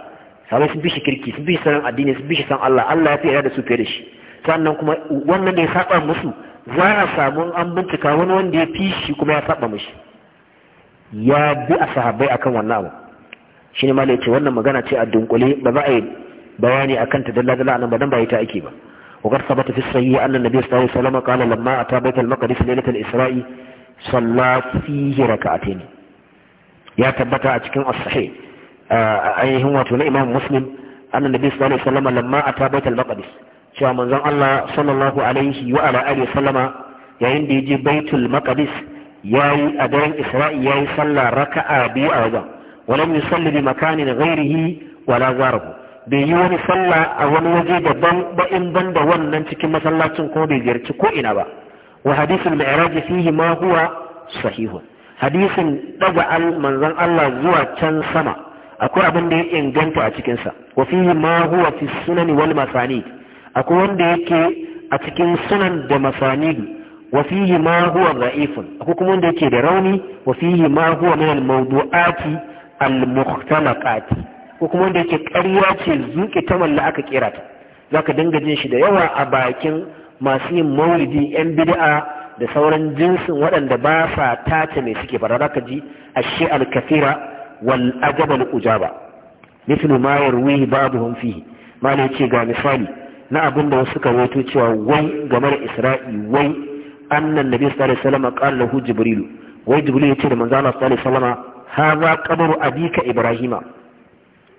sahabbai sun fi shi kirki sun fi shi sanin addini sun fi shi san Allah Allah ya fi yada da su fiye da shi sannan kuma wannan da ya saba musu za a samu an bincika wani wanda ya fi shi kuma ya saba mishi ya bi a sahabbai akan wannan abu ne ma ce wannan magana ce a dunkule ba za a yi bayani akan ta dalla dalla nan ba dan ba ita ake ba وقد ثبت في الصحيح أن النبي صلى الله عليه وسلم قال لما أتى بيت المقدس ليلة الإسراء salla fihi rak'atayn ya tabbata a cikin as-sahih ainihin wato na Imam Muslim annabi sallallahu alaihi wasallam lamma ata baitul maqdis cewa manzon Allah sallallahu alaihi wa ala alihi sallama yayin da yaje baitul maqdis yayi a daren Isra'i yayi sallah raka'a biyu a wajen walam makani na makanin ghairihi wala zarahu bai yi wani sallah a wani waje daban ba ban da wannan cikin masallacin ko bai ziyarci ko ina ba wa hadisul mi'raj fihi ma sahihun hadisin daga al manzon Allah zuwa can sama akwai abin da ya inganta a cikin sa wa fihi ma fi sunani wal masanid akwai wanda yake a cikin sunan da masanid wa fihi ma huwa akwai kuma wanda yake da rauni wa fihi ma huwa min al mawdu'ati al mukhtalaqati ko kuma ce zuƙi ta malla aka kira ta zaka dinga jin shi da yawa a bakin masu yin mawulidi yan bid'a da sauran jinsin waɗanda ba sa tace mai suke fara zaka ji ashi al-kathira wal ajab al-ujaba mithlu ma yarwi babuhum fihi ne ce ga misali na abin da suka wato cewa wai game da Isra'i wai annan nabi sallallahu alaihi wasallam qala lahu jibril wai jibril yace da manzo Allah sallallahu alaihi wasallam hadha qabru abika ibrahima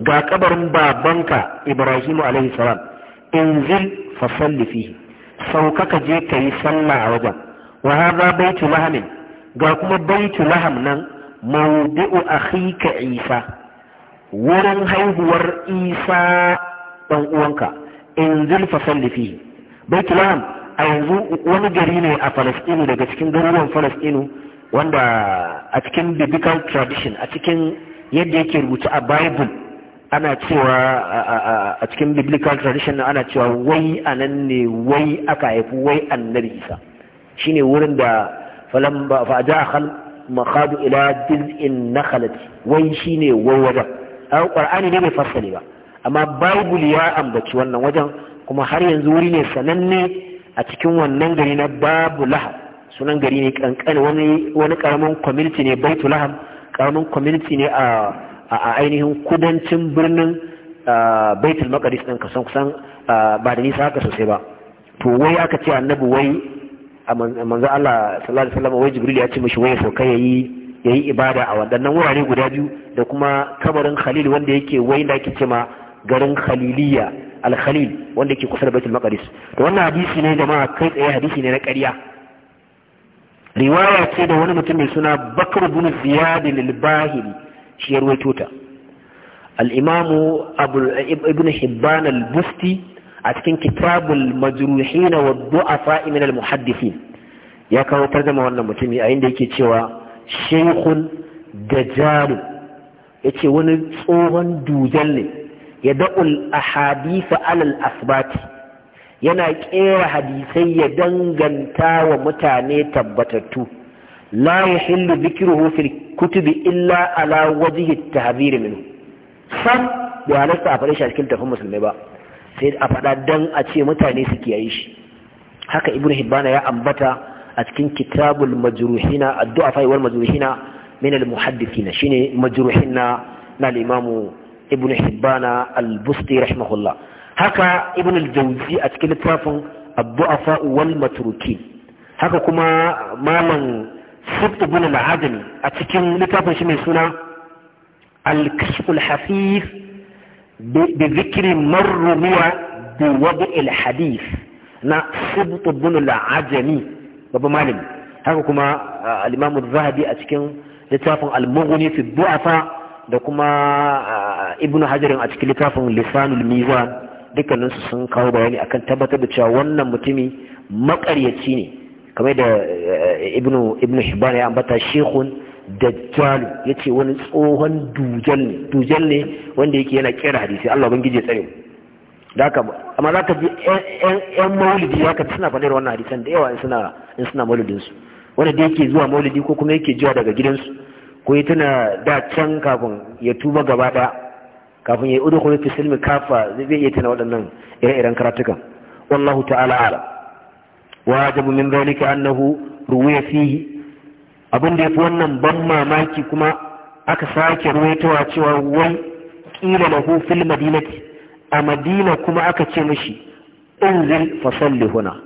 ga kabarin babanka ibrahim alaihi salam inzil fa fihi sauka ka je ka yi sallah a wajen wa haza baitu lahamin ga kuma baitu laham nan mawdi'u akhika isa wurin haihuwar isa ɗan uwanka in zulfa salli fihi baitu laham a yanzu wani gari ne a Falasɗinu daga cikin garuruwan Falasɗinu wanda a cikin biblical tradition a cikin yadda yake rubuta a bible ana cewa a cikin biblical tradition ana cewa wai anan ne wai aka haifi wai annabi isa shine wurin da falan ba fa khal ila diz'in nakhlati wai shine wai wajen a qur'ani ne bai fassale ba amma bible ya ambaci wannan wajen kuma har yanzu wuri ne sananne a cikin wannan gari na babu lahab sunan gari ne kankan wani karamin community ne Baitu lahab karamin community ne a a ainihin kudancin birnin baitul maqdis din kasan kusan ba da nisa haka sosai ba to wai aka ce annabi wai a manzo Allah sallallahu alaihi wasallam wai jibril ya ce mishi wai so kai yayi yayi ibada a waɗannan wurare guda biyu da kuma kabarin khalil wanda yake wai da ake ma garin khaliliya al-khalil wanda yake kusa da baitul maqdis to wannan hadisi ne jama'a kai tsaye hadisi ne na ƙarya riwaya ce da wani mutum mai suna bakar bin Ziyadil al-bahili shi ya ruwaito ta al-imamu ibn hibban al-busti a cikin kitabul majruhin wa du'afa min al ya kawo tarjama wannan mutumi a inda yake cewa shaykhun dajjal yace wani tsohon dujal ne ya da'ul ahadisa alal al-asbati yana kera hadisai ya danganta wa mutane tabbatattu la yuhillu dhikruhu fil kutubi illa ala wajhi at-tahdhir minhu sam da halatta a faɗe a cikin tafin musulmai ba sai a faɗa dan a ce mutane su kiyaye shi haka ibnu hibbana ya ambata a cikin kitabul majruhina addu'a fa wal majruhina min al shine majruhina na al-imam ibnu hibbana al-busti haka ibn al a cikin littafin addu'a fa wal matrukin haka kuma malam sub ibn al a cikin littafin shi mai suna al-kashf al-hafif marrumiya da wadi' al-hadith na sub ibn al babu malami haka kuma al zahabi a cikin littafin al-mughni fi du'afa da kuma ibn hajarin a cikin littafin lisanul mizan dukkaninsu sun kawo bayani akan tabbatar da cewa wannan mutumi makaryaci ne kamar da eh, ibnu ibnu shibban ya ambata shekun dajjal yace wani tsohon dujal ne dujal ne wanda yake yana kira hadisi Allah ban gije tsare da haka amma zaka ji yan maulidi zaka suna faɗar wannan hadisan da yawa suna in suna maulidin su wanda da yake zuwa maulidi ko kuma yake jiwa daga gidansu ko ya tana da can kafin ya tuba gaba da kafin ya yi kuma fi silmi kafa zai iya tana waɗannan ire-iren karatukan wallahu ta'ala alam Wa zan zan yi maganin an Abin da ya wannan ban mamaki kuma aka sake ruwa cewa wacewar wurin ƙila nuhu filin madinati. A Madinah kuma aka ce mashi, in zai fasalli huna.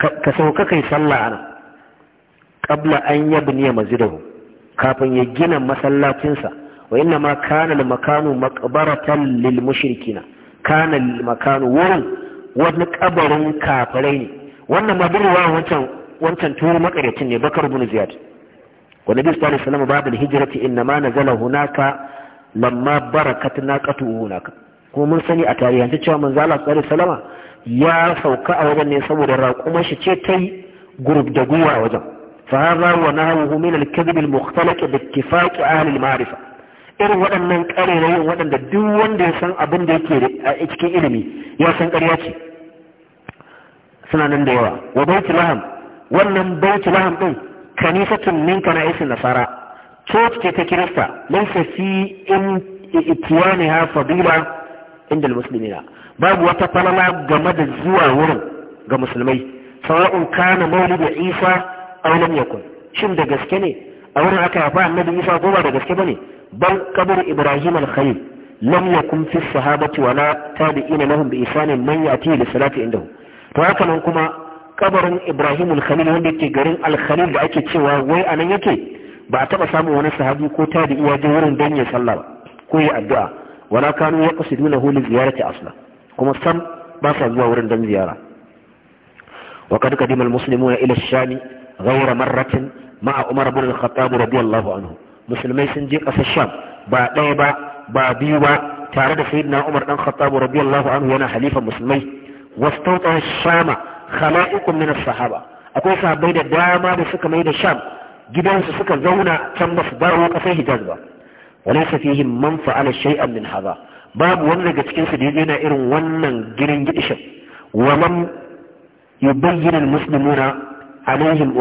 Ka sauka kai sallah ana. Kabla an yabi niyyar masu da hu. Kafin ya gina masallacinsa, wai nama kanal maƙano makabartar lil mushikina, kanal maƙano. Wurin wani kabarin kafar ne. wannan ma bin ruwan wancan wancan turu makaracin ne bakar bin ziyad wa nabi sallallahu alaihi wasallam babu hijrati inna ma nazala hunaka lamma barakat naqatu hunaka kuma mun sani a tarihi cewa manzo Allah sallallahu alaihi wasallam ya sauka a wajen ne saboda raƙumar shi ce ta yi da guwa a wajen fa hadha wa nahawuhu min al-kadhib al-mukhtalaq bi ittifaq ahli al-ma'rifa irin waɗannan ƙarerayin waɗanda duk wanda ya san abin da yake a cikin ilimi ya san ƙarya ce suna nan da yawa wa baitul laham wannan baitul laham din kanisatun min kana'isin nasara church ce ta kirista laysa fi in itiyaniha fadila inda almuslimina babu wata falala game da zuwa wurin ga musulmai sawa'un kana maulidu isa aw lam yakun shin da gaske ne a wurin aka haifa annabi isa ko ba da gaske bane bal qabr ibrahim al-khalil lam yakun fi sahabati wala tabi'ina lahum bi isanin man yati li salati indahum to haka nan kuma kabarin Ibrahim al-Khalil wanda yake garin al-Khalil da ake cewa wai anan yake ba a taba samun wani sahabi ko ta da je wurin dan ya sallah ba ko ya addu'a wala kanu duna li ziyarati asla kuma sam ba sa zuwa wurin dan ziyara wa kad qadima al ila ash ghayra marratin ma'a Umar ibn al-Khattab radiyallahu anhu musulmai sun je kasar Sham ba ɗaya ba ba biyu ba tare da sayyidina Umar dan Khattab radiyallahu anhu yana halifa musulmai wastautar shama khala'ikun min sahaba akwai sahabai da dama da suka mai da sham gidansu suka zauna can ba su baro kasar hijaz ba walaysa fihim man fa'ala shay'an min hadha babu wani daga cikin su da yana irin wannan girin gidishin wa man yubayyin almuslimuna alaihim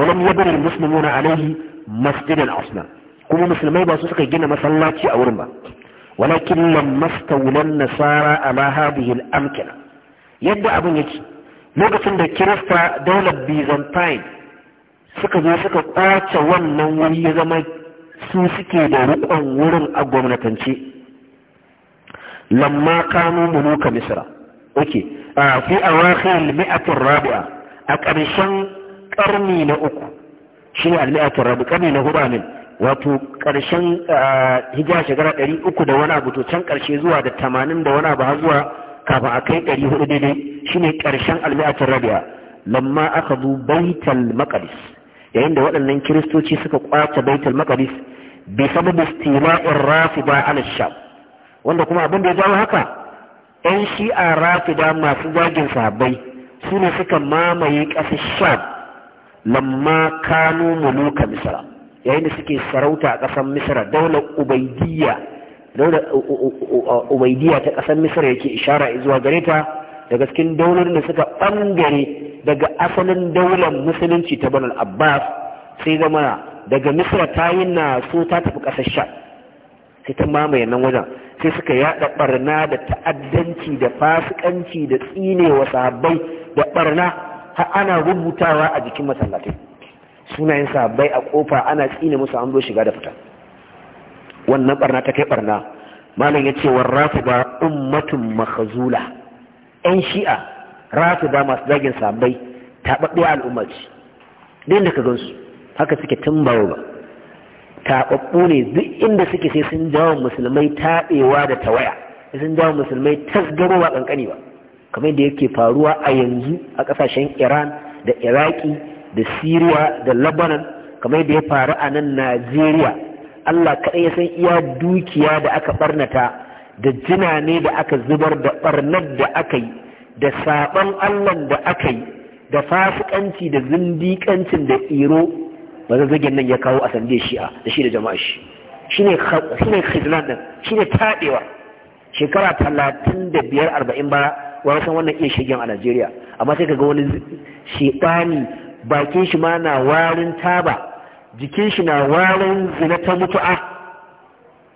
masjidan asna kuma musulmai ba su suka gina masallaci a wurin ba walakin lam nasara ala hadhihi yadda abin yake lokacin da kirista daular byzantine suka zo suka kwace wannan wuri ya zama su suke da rikon wurin a gwamnatance lamma kanu muluka misra oke a fi awakhir mi'atul rabi'a a ƙarshen ƙarni na uku shine al-mi'atul rabi'a ƙarni na hudu min wato ƙarshen hijira shekara ɗari uku da wani abu to can ƙarshe zuwa da tamanin da wani abu har zuwa kafa a kai ɗari hudu daidai shine ƙarshen almi'atin rabi'a lamma aka zo baital maqdis yayin da waɗannan kiristoci suka kwace baital maqdis bi sababi istila'in rafida ala sham wanda kuma abin da ya jawo haka yan shi'a rafida masu zagin sahabbai su ne suka mamaye ƙasar sham lamma kanu muluka misra yayin da suke sarauta a ƙasar misra daular ubaidiyya daular umaidiya ta ƙasar misir yake ishara zuwa gare ta daga cikin daular da suka ɓangare daga asalin daular musulunci ta banal abbas sai zama daga misra ta yi na so ta tafi ƙasar sha sai ta mamaye nan wajen sai suka yada ɓarna da ta'addanci da fasikanci da tsinewa sahabbai da ɓarna har ana rubutawa a jikin masallatai sunayen sahabbai a ƙofa ana tsine musu an zo shiga da fita wannan barna ta kai barna malam ya ce wa rafiba ummatun makhazula yan shi'a rafida masu zagin sabai taɓaɓɓe al'umma ce ɗin da ka gansu haka suke tun ba taɓaɓɓu ne duk inda suke sai sun jawo musulmai taɓewa da tawaya sun jawo musulmai tasgarowa ƙanƙani ba kamar da yake faruwa a yanzu a ƙasashen iran da iraki da siriya da lebanon kamar da ya faru a nan najeriya Allah kaɗai ya san iya dukiya da aka barnata da jina ne da aka zubar da barnar da aka yi da saɓon Allah da aka yi da fasikanci da zindiƙancin da tsiro ba zagen nan ya kawo a sande shi'a da shi da jama'a shi shi ne khidlan ɗin shi ne taɗewa shekara talatin da biyar arba'in ba wani san wannan iya shigen a najeriya amma sai ka ga wani shiɗani bakin shi ma na warin taba jikin shi na warin zina ta mutu'a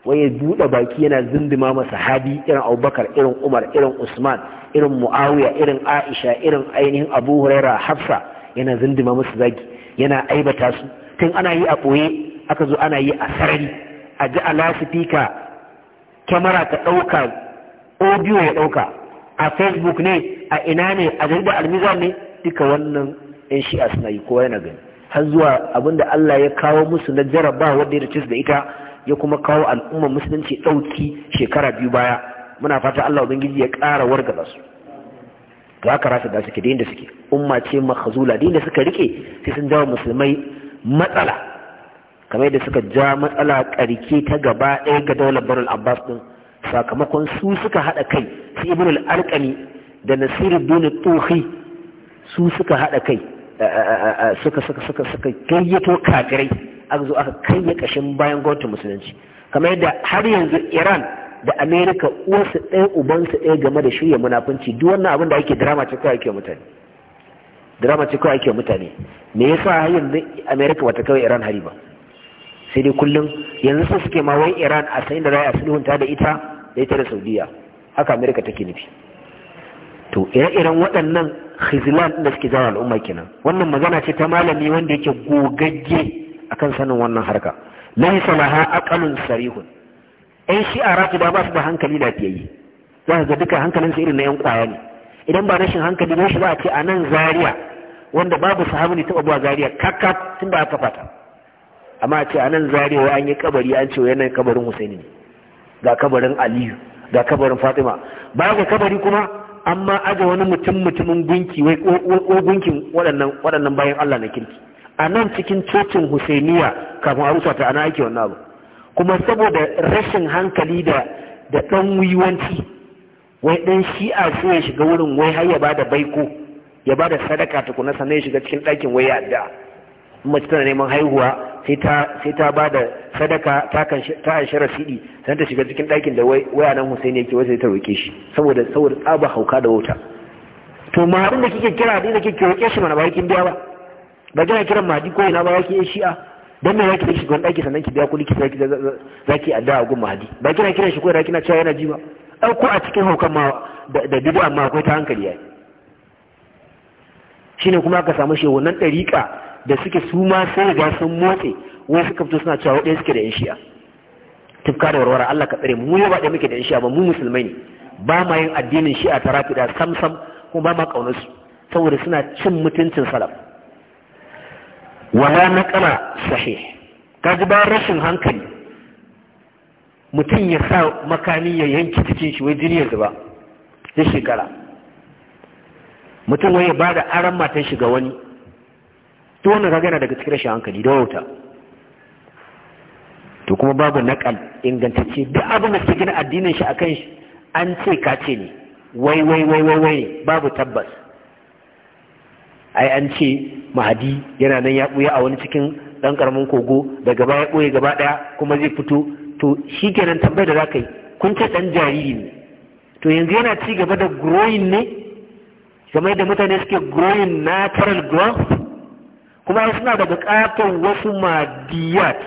wai ya buɗe baki yana zindima ma sahabi irin abubakar irin umar irin usman irin muawiya irin aisha irin ainihin abu huraira hafsa yana zindima musu zagi yana aibata su tun ana yi a ɓoye aka zo ana yi a sarari a ji a lasifika kyamara ta ɗauka audio ya ɗauka a facebook ne a ina ne a jaridar almizan ne duka wannan 'yan shi'a suna yi kowa yana gani har zuwa abinda Allah ya kawo musu na jaraba wanda ya da ita ya kuma kawo al'ummar musulunci ɗauki shekara biyu baya muna fata Allah ubangiji ya ƙara wargaza su to haka rasa da suke da inda suke umma ce makhzula da inda suka rike sai sun jawo musulmai matsala kamar yadda suka ja matsala karke ta gaba ɗaya ga daular barul abbas din sakamakon su suka haɗa kai su ibn al-alqami da nasiru bin tuhi su suka haɗa kai suka suka suka suka kayyato kafirai aka zo aka kayya kashin bayan gwamnatin musulunci kamar yadda har yanzu iran da amerika uwarsu ɗaya ubansu ɗaya game da shirya munafunci duk wannan abin da ake drama ce kawai ake mutane drama ce kawai ake mutane me yasa har yanzu amerika bata kawai iran hari ba sai dai kullum yanzu sun suke ma wai iran a sayin da za a sulhunta da ita da ita da saudiya haka amerika take nufi to ire-iren waɗannan khizlan da suke jawo al'umma kenan wannan magana ce ta malami wanda yake gogagge akan sanin wannan harka laysa laha aqalun sarihun ɗan shi'a rafida ba su da hankali da lafiyayye za ka ga duka hankalin su irin na yan kwaya ne idan ba rashin hankali ne shi za a ce a nan Zariya wanda babu sahabu ne taɓa zuwa zaria kakka tun da aka fata amma a ce a nan Zariya wai an yi kabari an ce yanayin kabarin husaini ne ga kabarin aliyu ga kabarin fatima ga kabari kuma amma aje wani mutum mutumin gunki wai ko gunkin waɗannan waɗannan bayan Allah na kirki a nan cikin cocin Husainiya kafin a rusa ta ana ake wannan abu kuma saboda rashin hankali da da ɗan wiwanci wai ɗan shi'a sai ya shiga wurin wai har ya bada baiko ya bada sadaka tukuna sannan ya shiga cikin ɗakin wai ya addu'a mace tana neman haihuwa sai ta ba da sadaka ta shara rasidi sai ta shiga cikin ɗakin da waya nan husaini yake wasu ta roƙe shi saboda saboda tsaba hauka da wuta to abin da kike kira da kike roƙe shi mana ba biya ba ba kina kira mahadi ko ina ba yake shi'a dan me yake shi gon ɗaki sannan ki biya kuɗi ki zaki zaki addu'a gun mahadi ba kina kira shi ko da kina cewa yana ji ba ai ko a cikin haukan ma da bid'a ma akwai ta hankali yayi shine kuma aka samu nan ɗariƙa da suke su ma sai riga sun motsi wai suka fito suna cewa ɗaya suke da yan shi'a tufka da warware Allah ka tsare mu mu ba da muke da yan shi'a ba mu musulmai ne ba ma yin addinin shi'a ta rafida sam sam kuma ba ma kaunar saboda suna cin mutuncin salaf wala naqala sahih kaji ba rashin hankali mutum ya sa makami ya yanki cikin shi wai jini zuba da shekara mutum wai ya ba da aran matan shi wani to wannan kaga yana daga cikin rashin hankali da wauta to kuma babu nakal ingantacce duk abin da suke gina addinin shi akan shi an ce ka ce ne wai wai wai wai wai babu tabbas ai an ce mahadi yana nan ya buya a wani cikin dan karamin kogo da gaba ya buye gaba daya kuma zai fito to shikenan tambayar da ka yi kun ce dan jariri ne to yanzu yana ci gaba da growing ne kamar da mutane suke growing natural growth kuma suna da buƙatar wasu madiyat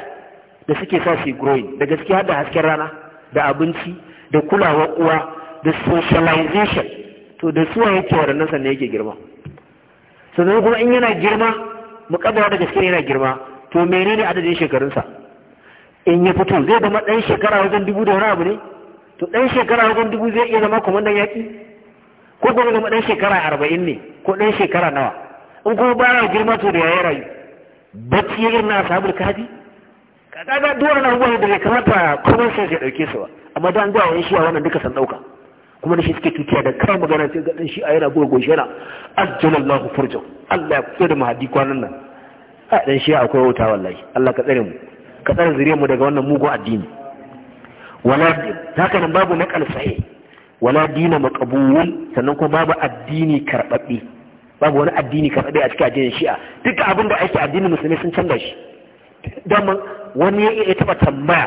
da suke sa su growing da har da hasken rana da abinci da kulawa uwa da socialization to da suwa yake waɗannan sannan yake girma sannan kuma in yana girma muƙaddara da gaske yana girma to menene adadin shekarunsa in ya fito zai zama ɗan shekara wajen dubu da wani abu ne to ɗan shekara wajen dubu zai iya zama kwamandan yaƙi ko kuma zama ɗan shekara arba'in ne ko ɗan shekara nawa in kuma ya girma to da yayi rayu bacci irin na sabul kadi. kaga da duwan abubuwan da bai kamata Kuma sense ya dauke su ba amma dan ga wani a wannan duka san dauka kuma da shi suke tutiya da kai magana sai ga dan shi a yana gogo shi yana ajjalallahu furjan Allah ya kusa da mahadi kwanan nan a dan shi akwai wuta wallahi Allah ka tsare mu ka tsare zuriyar mu daga wannan mugun addini wala haka nan babu na sahih wala dina maqbul sannan kuma babu addini karbabbe babu wani addini ka faɗi a cikin addinin shi'a duka abin da ake addinin musulmi sun canza shi don wani ya iya taba tambaya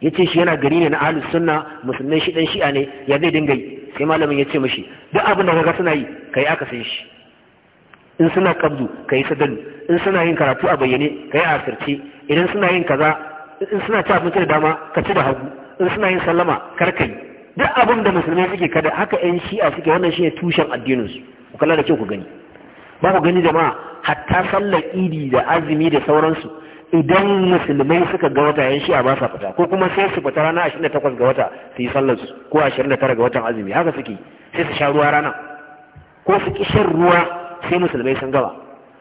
ya ce shi yana gari ne na ahalus sunna musulmai shi ɗan shi'a ne ya zai dinga yi sai malamin ya ce mashi duk abin da kaga suna yi kai aka san shi in suna kabdu kai sadalu in suna yin karatu a bayyane kai a asirce idan suna yin kaza in suna ci abinci da dama ka ci da hagu in suna yin sallama kar ka yi duk abin da musulmai suke kada haka yan shi'a suke wannan shi ne tushen addininsu kalla da kyau ku gani ba ku gani da ma hatta sallar idi da azumi da sauransu idan musulmai suka ga wata yan shi'a ba sa fita ko kuma sai su fita rana 28 ga wata su yi sallar su ko 29 ga watan azumi haka suke sai su sha ruwa rana ko su ki shan ruwa sai musulmai sun gaba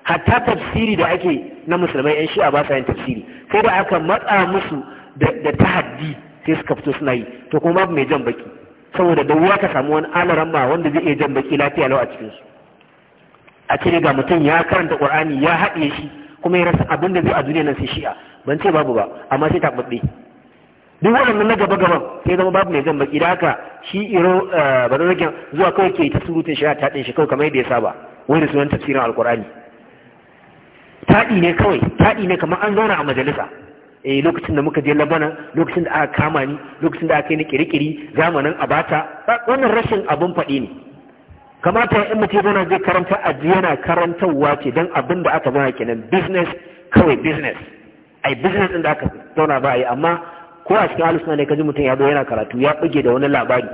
hatta tafsiri da ake na musulmai yan shi'a ba sa yin tafsiri sai da aka matsa musu da tahaddi sai suka fito suna yi to kuma babu mai jan baki saboda da ruwa ka samu wani alaran wanda zai iya jan baki lafiya lau a cikinsu a ce ga mutum ya karanta qur'ani ya haɗe shi kuma ya rasa abin da zai a duniya nan sai shi'a ban ce babu ba amma sai ta taɓaɓɓe duk waɗannan na gaba gaban sai zama babu mai zamba idan haka shi iro ba zan zage zuwa kawai ke ta surutun shi'a ta ɗin shi kawai kamar yadda ya saba wani sunan tafsirin alkur'ani taɗi ne kawai taɗi ne kamar an zauna a majalisa eh lokacin da muka je labana lokacin da aka kama ni lokacin da aka yi ni kirikiri zamanin abata wannan rashin abun faɗi ne kamata in mutum zana zai karanta ajiye yana karantarwa ce don abin da aka zana kenan business kawai business ai business din da aka zauna ba ai amma ko a cikin alusuna ne kaji mutum ya zo yana karatu ya buge da wani labari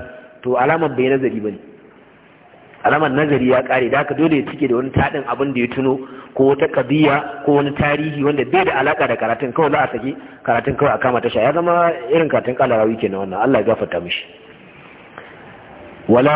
to alamar bai nazari ba ne alamar nazari ya kare da aka dole ya cike da wani taɗin abin da ya tuno ko wata kabiya ko wani tarihi wanda bai da alaka da karatun kawai za a saki karatun kawai a kama tasha ya zama irin karatun kalarawi kenan wannan Allah ya gafarta mishi wala